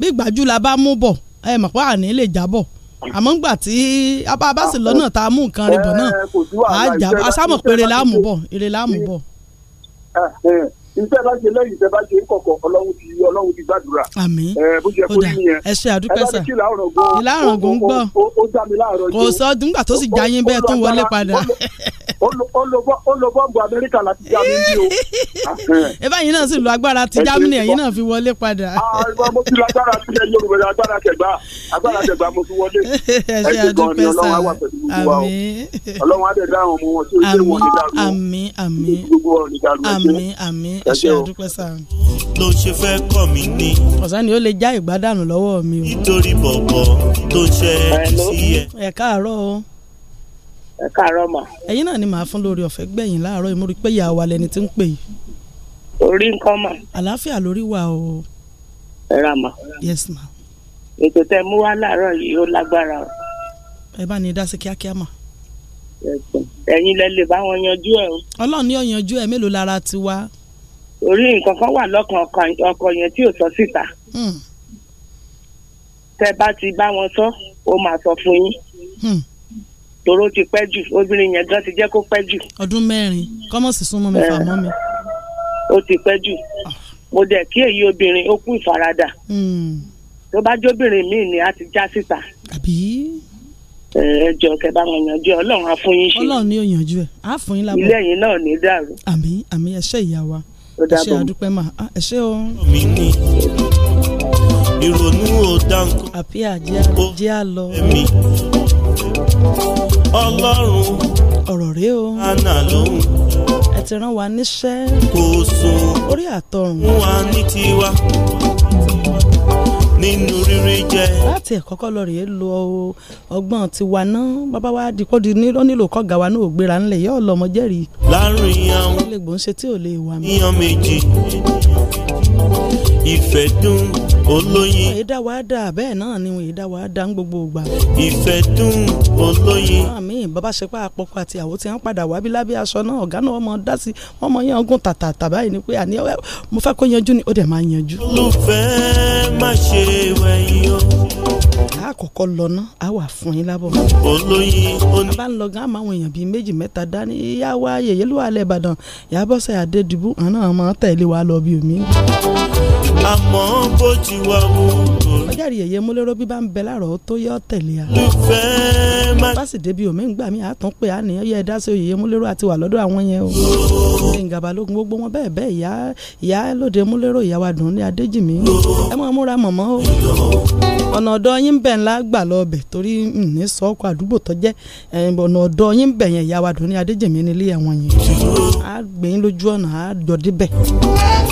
bí gbàjú la bá mú bọ̀ ẹ mọ̀ pé àní lè jábọ̀ àmọ́ ngbà tí abá bá sì lọ́nà tá a mú nǹkan rẹ̀ eh, bọ̀ náà àá jábọ̀ àsámọ̀ pé ire láàmú bọ̀ ire láàmú bọ̀ iṣẹ́ bá ṣe lẹ́yìn iṣẹ́ bá ṣe kọ̀kọ̀ ọlọ́run ti ọlọ́run ti gbàdúrà. àmín ó ẹ ṣe àdúpẹ́ sà ìlà ń gbọ́ kò sọ dùngbà tó sì jáyé bẹ́ẹ̀ tó wọlé padà. ó lo bọ́ọ̀bù amẹ́ríkà láti já o. ẹ báyìí náà sì lo agbára ti germany ẹ̀yìn náà fi wọlé padà. Ah, mo ti lágbára ti ṣe àdúpẹ́ sáà. ló ṣe fẹ́ kọ́ mi ní. ọ̀sán ó lè já ìgbádànù lọ́wọ́ mi o. nítorí bọ̀bọ̀ tó ṣe sí ẹ. ẹ káàárọ̀ o. ẹ káàárọ̀ mà. ẹ̀yin náà ni màá fún lórí ọ̀fẹ́ gbẹ̀yìn láàárọ̀ yìí mo rí i pé ìyá wa lẹni tí ń pè yìí. orí nǹkan mà. àlàáfíà lórí wa o. ẹ ra mà. yes ma. ètò tẹ mú wá láàárọ̀ yìí ó lágbára o. ẹ bá ní dá kíákíá mà ẹ̀yin lẹ lè bá wọn yanjú ẹ o. ọlọ́run ni ó yanjú ẹ mélòó lára ti wá orí nǹkan kan wà lọ́kàn ọkọ yẹn tí ò sọ síta hmm. tẹ bá ti bá wọn sọ ó máa sọ fún yín hmm. tòró ti pẹ́ jù obìnrin yẹn gan ti jẹ́ kó pẹ́ jù. ọdún mẹ́rin kọ́mọ̀sì súnmọ́ mẹ́fà mọ́ mi. Eh, ó ti pẹ́ jù mo dẹ̀ kí èyí obìnrin ó kú ìfaradà hmm. tó bá jóbìnrin míì ni a ti já síta. àbí. Eh, ẹ jọ kẹ bá wọn yanjú ẹ á fún yín ṣe. Ọlọ́run ni ó yanjú ẹ á fún yín lábọ. ilé ẹ̀yin náà ní dàrú. àmín àmín ẹṣẹ ìyá wa. ó dábọ̀. ẹ ah, o. ìrònú ò dáńkó. àbí àjẹ́ àjẹ́ àlọ́. èmi ọlọ́run. ọ̀rọ̀ rèé o. Ana ẹ ti rán wa níṣẹ́. kò orí àtọrùn. fún wa ní tiwa. nínú rírí jẹ. láti ẹ̀kọ́ kọ́ lọ rèé lo ọgbọ́n tiwa náà bàbá wa dìpọ́ di nílò nílò kọ́gà wa náà ò gbéra ńlẹ̀ yóò lọ ọmọ jẹ́rìí. láàrin àwọn ilé gbòǹṣe ìyàn méjì ìfẹ́ dùn olóyin. wọ́n yìí dá wàá dà bẹ́ẹ̀ náà ni wọ́n yìí dá wàá dà ń gbogbo ìgbà. ìfẹ́ dùn olóyin. àmì bàbá ṣepá àpọ̀kọ àti àwọ̀ tí wọ́n padà wá bí lábẹ́ aṣọ náà ọ̀gá náà ọmọ dá sí ọmọ yẹn ọgùn tàtà tàbá yìí ni pé àní mo fẹ́ kó yanjú ni ó dẹ̀ máa yanjú. olùfẹ́ má ṣe wẹ̀yìn o. àkọ́kọ́ lọ ná a wà fún yín lábọ̀. olóyin oní. bá ń lọ àmọ́ bójú wa mú lòdì. ọjà múlẹ́rọ́ bí bá ń bẹ láàrọ̀ tó yẹ ọ́ tẹ̀lé a. lùfẹ́ má. bá débi òmí ń gbà mí àtún pé a nìyẹn yẹ ẹ dá sí òye múlẹ́rọ́ àti wà lọ́dọ̀ àwọn yẹn o. gbẹ̀ngà balógun gbogbo wọn bẹ́ẹ̀ bẹ́ẹ̀ ìyá ìyá lóde múlẹ́rọ́ ìyá wa ní adéjìmí. ẹ máa múra mọ̀mọ́ o. ọ̀nà ọ̀dọ̀ yín bẹ̀ ńlá gbà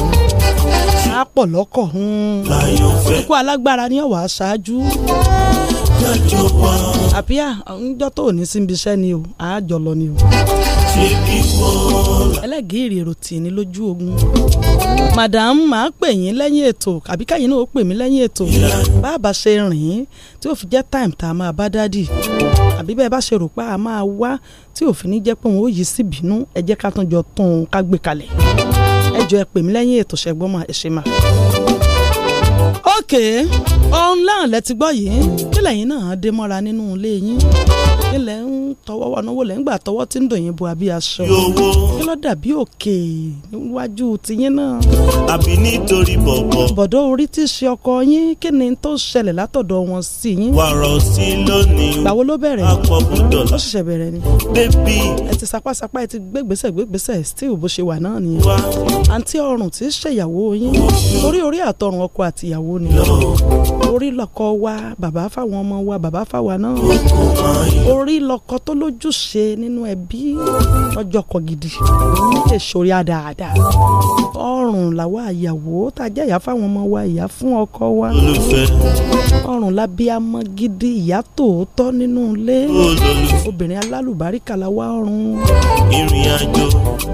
lọ pọ̀ lọ́kọ̀ ikú alágbára ni ọ̀wà ṣáájú àbí àńjọ tó ní síbi ni o àájọ lọ ni o ẹlẹ́gìrì èrò tì ní lójú ogun madam máa pè yín lẹ́yìn ètò àbí káyìn náà ó pè mí lẹ́yìn ètò bàbá ṣe rìn tí ò fi jẹ́ time tá a máa bá dádì àbí bẹ́ẹ̀ bá ṣe rò pé a máa wá tí òfin ní jẹ́ pé òun ó yí síbínú ẹ ká tún jọ tún un ká gbé kalẹ̀ jọ ẹ pè mí lẹ́yìn ètò ṣẹ́gbọ́n mà ẹ ṣe máa ókè ọ̀hún láhàn lẹ ti gbọ́ yìí kílẹ̀ yín náà dé mọ́ra nínú ilé yín kílẹ̀ ń tọwọ́ wọnúwó lẹ́ ń gbà tọwọ́ tí ń dùn yín bu àbí aṣọ kí ló dàbí òkè níwájú tiyín náà. àbí nítorí bọ̀bọ̀. bọ̀dọ̀ orí tí ń ṣe ọkọ yín kí ni tó ṣẹlẹ̀ látọ̀dọ̀ wọn sí yín. wàrọ̀ sí lónìí. gbàwo ló bẹ̀rẹ̀ ó ṣẹ̀ṣẹ̀ bẹ̀rẹ̀ ni. bébì. ẹ ti sapásapá ẹ ti gbégbésẹ̀ gbégbésẹ̀ still bó ṣe wà náà nìyẹn. àǹtí ọrùn tí ń ṣèyàwó yín torí orí ni orí lọkọ wa bàbá fáwọn ọmọ wa bàbá fáwa náà orí lọkọ tó lójúṣe nínú ẹbí ọjọ́ kọ gidi lè sori àdáadáa ọrùn làwa àyàwó tá ìyá fáwọn ọmọ wa ìyá fún ọkọ wa ọrùn lábíàmọ́ gidi ìyá tòótọ́ nínú ilé obìnrin alálùbáríkà làwa ọrùn. ìrìn àjò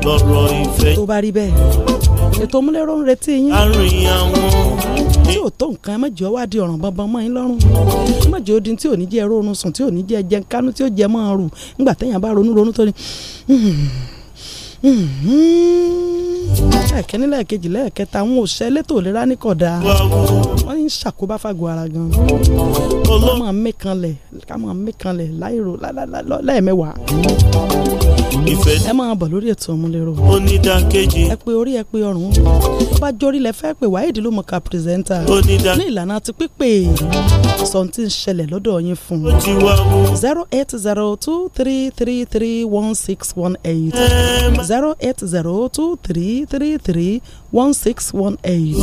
lọ́rọ̀ ìfẹ́. tó bá rí bẹ́ẹ̀ ètò múlẹ́rọ̀ ń retí yín. àárín àwọn tí ò tó nǹkan ẹ má jẹ́ wá di ọ̀ràn bọ́nbọ́n mọ́ yín lọ́rùn ẹ má jẹ́ odi tí ò ní jẹ́ róorun sùn tí ò ní jẹ́ jẹun kánú tí ó jẹ́ mọ́ ọrù nígbà téèyàn bá ronú ronú tó ní lẹ́ẹ̀kẹ́ni lẹ́ẹ̀kejì lẹ́ẹ̀kẹta àwọn òṣẹ́ elétò ìlera ní kódà wọ́n ń ṣàkóbá fàgọ́ ara gan ká máa mẹ́kanlẹ̀ ká ìfẹ́. ẹ máa bọ̀ lórí ètò ọmọlérò. onídàkejì. ẹ pé orí ẹ pé ọrùn. bá jórí lẹ fẹ́ pé wáyéèdì ló mọ̀ ká pírẹsẹ́ńtà. ní ìlànà àti pípé sọ̀n ń ṣẹlẹ̀ lọ́dọ̀ yín fún. ó ti wá wo. zero eight zero two three three three one six one eight zero eight zero two three three three one six one eight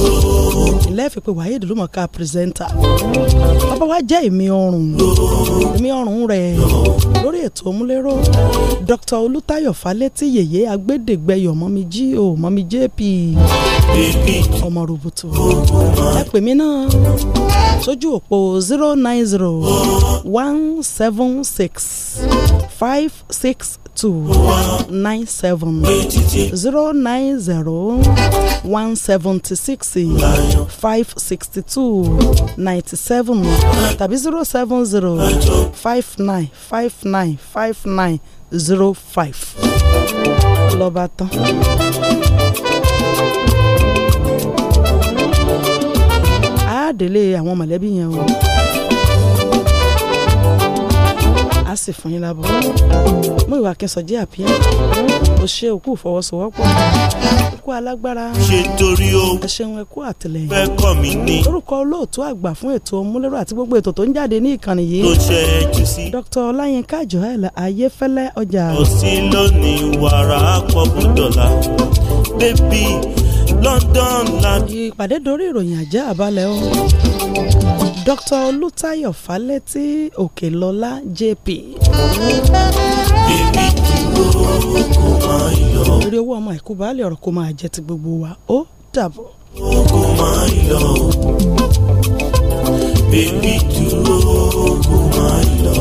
ilé ẹ̀fẹ̀ pé wàhíì dùlùmọ̀ká pírẹsẹ́ńtà bàbá wa jẹ́ èmi ọrùn èmi ọrùn rẹ̀ lórí ètò òmúlérò Dr. Olùtayọ̀ Fálétí yèyé agbẹ́dẹ́gbẹ́yọ̀ mọ́mi jí o mọ́mi jp ọmọ roboto ẹ pè mí náà sójú òpó zero nine zero one seven six five six two nine seven zero nine zero one seventy six five sixty two ninety seven tàbí zero seven zero five nine five nine five nine zero five lọ́ba tán. àádélé àwọn mọ̀lẹ́bí yẹn o á sì fún yín lábọ̀ mú ìwà kẹsàn-án jẹ́ ṣe òkú ìfọwọ́sowọ́pọ̀ òkú alágbára ṣe torí o ṣeun ẹ àtìlẹyìn fẹ́ kàn mí ní. orúkọ olóòtú àgbà fún ètò ọmúlérò àti gbogbo ètò tó ń jáde ní ìkànnì yìí tó ṣe é jù sí. Dr. Ọláyínká Joel Ayéfẹ́lẹ́ ọjà. òsì lónìí wàrà pọ̀ gbọ́dọ̀là London la. ìpàdé dorí ìròyìn àjẹ́ àbálẹ̀ o. Dr. Olútáyọ̀ Fálétí Òkèlọ́lá JP. bébí dúró kó máa yọ. eré owó ọmọ àìkú baálé ọ̀rọ̀ kó máa jẹ́ ti gbogbo wa ó dàbọ̀. kó máa yọ bébí dúró kó máa yọ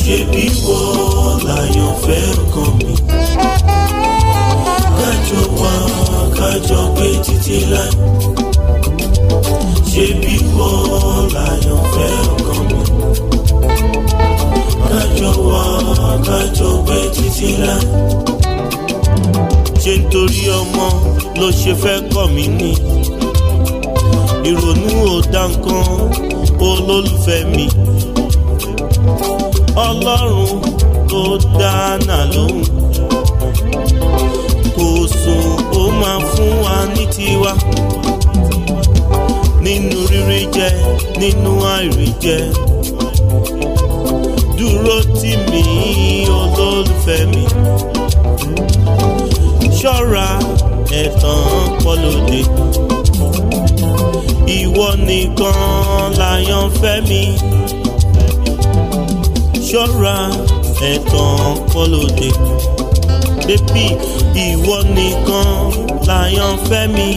ṣé bí wọ́n láyọ̀ fẹ́ kàn mí kájọ wá kájọ gbé títí láì ṣé bí wọ́n láyọ̀ fẹ́ ọkàn mi. kájọ wá kájọ pẹ́ títí láì. ṣé nítorí ọmọ ló ṣe fẹ́ kọ̀ mí ni. ìrònú ò dá nǹkan olólùfẹ́ mi. ọlọ́run ló dáná lóhùn. kò sùn ó máa fún wa ní tiwa nínú rírí jẹ nínú àìrí jẹ dúró tì mí olólùfẹ́ mi ṣọ́ra ẹ̀tàn pọ́lódé ìwọ nìkan láyàn fẹ́ mi ṣọ́ra ẹ̀tàn pọ́lódé bébí ìwọ nìkan láyàn fẹ́ mi.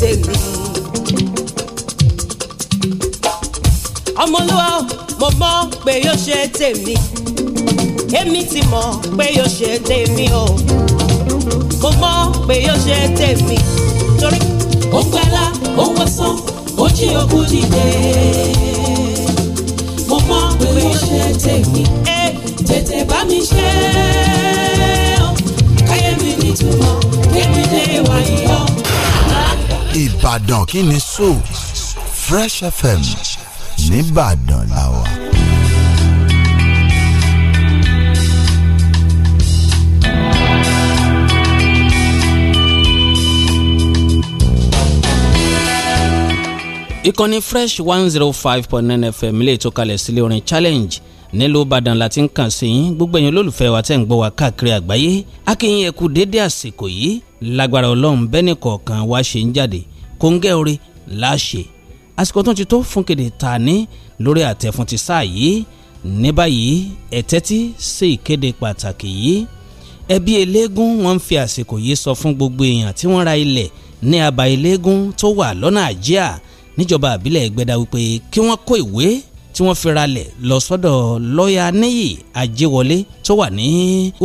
tèmi. ọmọlúwa mo mọ̀ pé yóò ṣe tèmi èmi ti mọ̀ pé yóò ṣe tèmi o mo mọ̀ pé yóò ṣe tèmi torí. ó gbẹ́lá ó wọ́sán ó jí ogún dìde mo mọ̀ pé yóò ṣe tèmi tètè bá mi ṣe é káyé mi nítumọ̀ kémi lè wáyé ọ́. Ìbàdàn kí ni so Fresh FM nìbàdàn la wà. ìkànnì fresh one zero oh five point nine fm lè tó kalẹ̀ sílé orin challenge nílùú ìbàdàn láti ń kàn sí yín gbogbo ẹ̀yin olólùfẹ́ wa tẹ̀ ń gbọ́ wa káàkiri àgbáyé akínyìn dédé àsìkò yìí lágbára ọlọ́run bẹ́ẹ̀ni kọ̀ọ̀kan wá ṣe ń jáde kóńgẹ́ orí láṣẹ àsìkò tó ti tó fún kéde tàní lórí àtẹ fún ti sáà yìí ní báyìí ẹ tẹ́tí sí ìkéde pàtàkì yìí ẹbí eléégún wọn ń fi àsìkò yìí sọ fún gbogbo èèyàn tí wọ́n ra ilẹ̀ ní àbá eléégún tó wà lọ́nà àjíà níjọba àbílẹ̀ ẹgbẹ́dá wípé kí wọ́n kó ìwé tí wọ́n fi ralẹ̀ lọ sọ́dọ̀ lọ́ọ̀yà níyì àjẹwọlé tó wà ní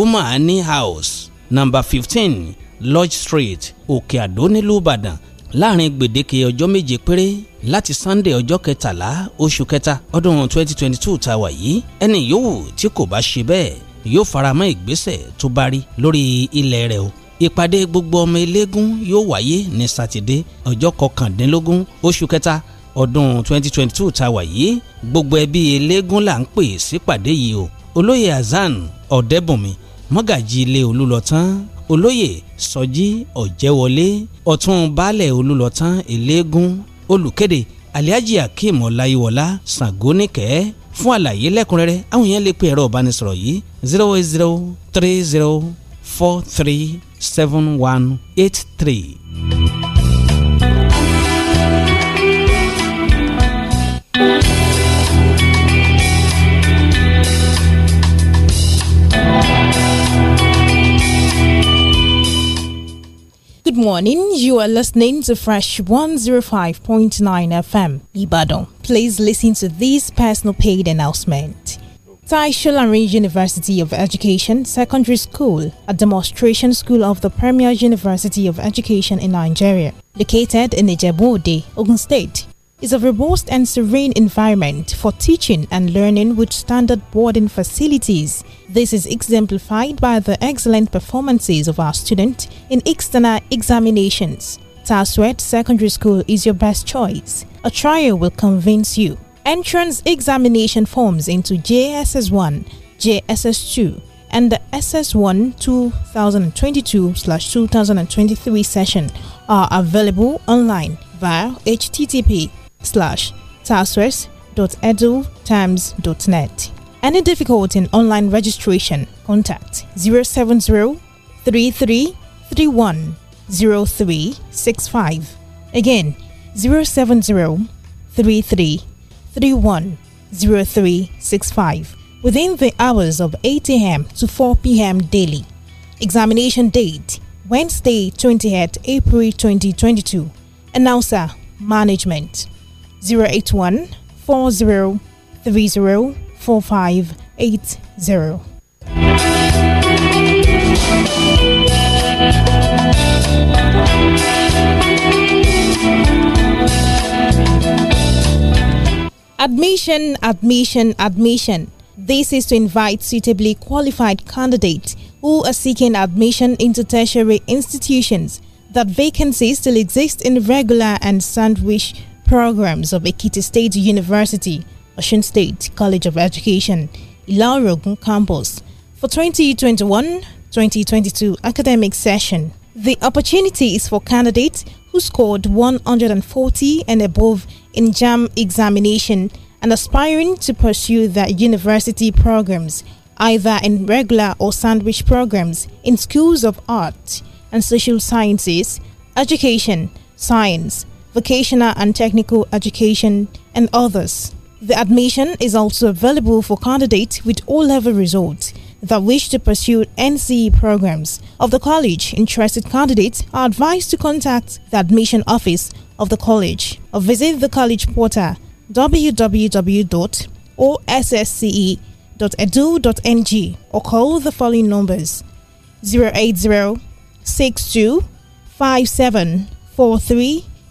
umani house number fifteen Lodge Street Òkè Àdó nílùú Ìbàdàn láàrin gbèdéke ọjọ́ méje péré láti Sunday ọjọ́ kẹtàlá oṣù kẹta ọdún 2022 tá a wà yìí ẹni yòówù tí kò bá ṣe bẹ́ẹ̀ yóò faramọ́ ìgbésẹ̀ tó bá rí lórí ilẹ̀ rẹ̀ o ìpàdé gbogbo ọmọ eléégún yóò wáyé ní sátidé ọjọ́ kọkàndínlógún oṣù kẹta ọdún 2022 tá a wà yìí gbogbo ẹbí eléégún là ń pè sípàdé yìí o olóyè Hasan Ọ̀dẹ́bùnmi mọ́gàjì ilé Olúlọ̀tán olóyè sọjí ọ̀jẹ́wọlé ọ̀tún baálẹ̀ olùlọ́tàn elégún olùkéde aliaji akeem ọláyíwọlá sangonikẹ́ fún àlàyé lẹ́kùnrẹ́rẹ́ àwọn èèyàn lè pe ẹ̀rọ ìbánisọ̀rọ̀ yìí zero zero three zero four three seven one eight three. Good morning. You are listening to Fresh 105.9 FM, Ibadan. Please listen to this personal paid announcement. Tai Sholarin University of Education Secondary School, a demonstration school of the Premier University of Education in Nigeria, located in Ijebu-Ode, Ogun State, is a robust and serene environment for teaching and learning with standard boarding facilities. This is exemplified by the excellent performances of our students in external examinations. Taswet Secondary School is your best choice. A trial will convince you. Entrance examination forms into JSS1, JSS2, and the SS1 2022/2023 session are available online via http slash southwest.edutimes.net. Any difficulty in online registration, contact 070 3331 0365. Again, 070 3331 0365 within the hours of 8 a.m. to 4 p.m. daily. Examination date Wednesday, 28th April 2022. Announcer Management. 081 Admission, admission, admission. This is to invite suitably qualified candidates who are seeking admission into tertiary institutions that vacancies still exist in regular and sandwich programs of Ekiti State University, Osun State College of Education, Ilarogun campus for 2021-2022 academic session. The opportunity is for candidates who scored 140 and above in JAM examination and aspiring to pursue their university programs, either in regular or sandwich programs in schools of art and social sciences, education, science, vocational and technical education, and others. The admission is also available for candidates with all level results that wish to pursue NCE programs of the college. Interested candidates are advised to contact the admission office of the college or visit the college portal www.ossce.edu.ng or call the following numbers 080 62 57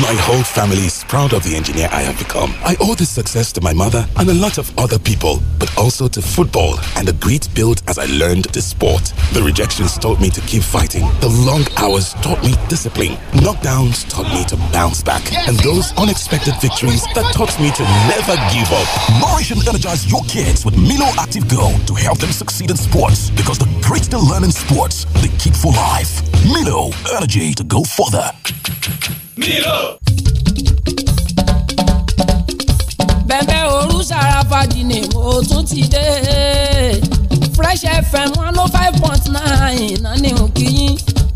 My whole family is proud of the engineer I have become. I owe this success to my mother and a lot of other people, but also to football and the grit built as I learned the sport. The rejections taught me to keep fighting. The long hours taught me discipline. Knockdowns taught me to bounce back. And those unexpected victories that taught me to never give up. Nourish and energize your kids with Milo Active Girl to help them succeed in sports because the grit they learn in sports, they keep for life. Milo, energy to go further. Milo! bẹ̀bẹ̀ òru sára fàájì ni mo tún ti dé Fresh FM one oh five point nine náà ni n kì í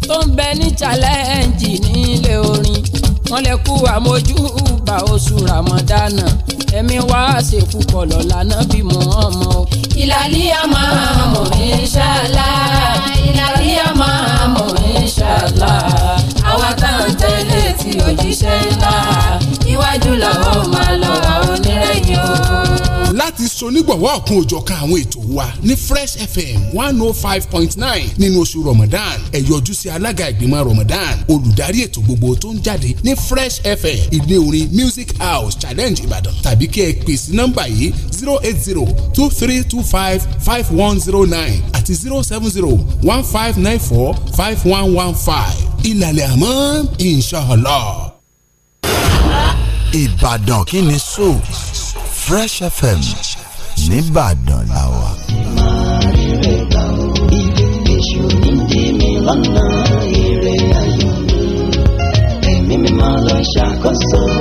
tó ń bẹ ní challenge nílé orin wọ́n lè kú àmójú bá oṣù ramadana ẹ̀mí wá ṣèkú kọlọ̀ lánàá bí mo hàn mọ́. ìlàlí àmà mọ̀ inṣàlá ìlàlí àmà mọ̀ inṣàlá àwa tá à ń tẹ̀lé àti òjíṣẹ́ ńlá iwájú làwọn máa lọ àwọn onírẹ̀yìn o sonígbọ̀wọ́ ọ̀kan òjọ̀kan àwọn ètò wa ní fresh fm one oh five point nine nínú oṣù ramadan ẹ yọjú sí alága ìgbìmọ̀ ramadan olùdarí ètò gbogbo tó ń jáde ní fresh fm ilé orin music house challenge ìbàdàn tàbí kí ẹ pè sí nọ́mbà yìí zero eight zero two three two five five one zero nine àti zero seven zero one five nine four five one one five ìlàlẹ̀ àmọ́ inshallah. Ìbàdàn kí ni so Fresh FM nìbàdàn la wà. Ṣàkóso.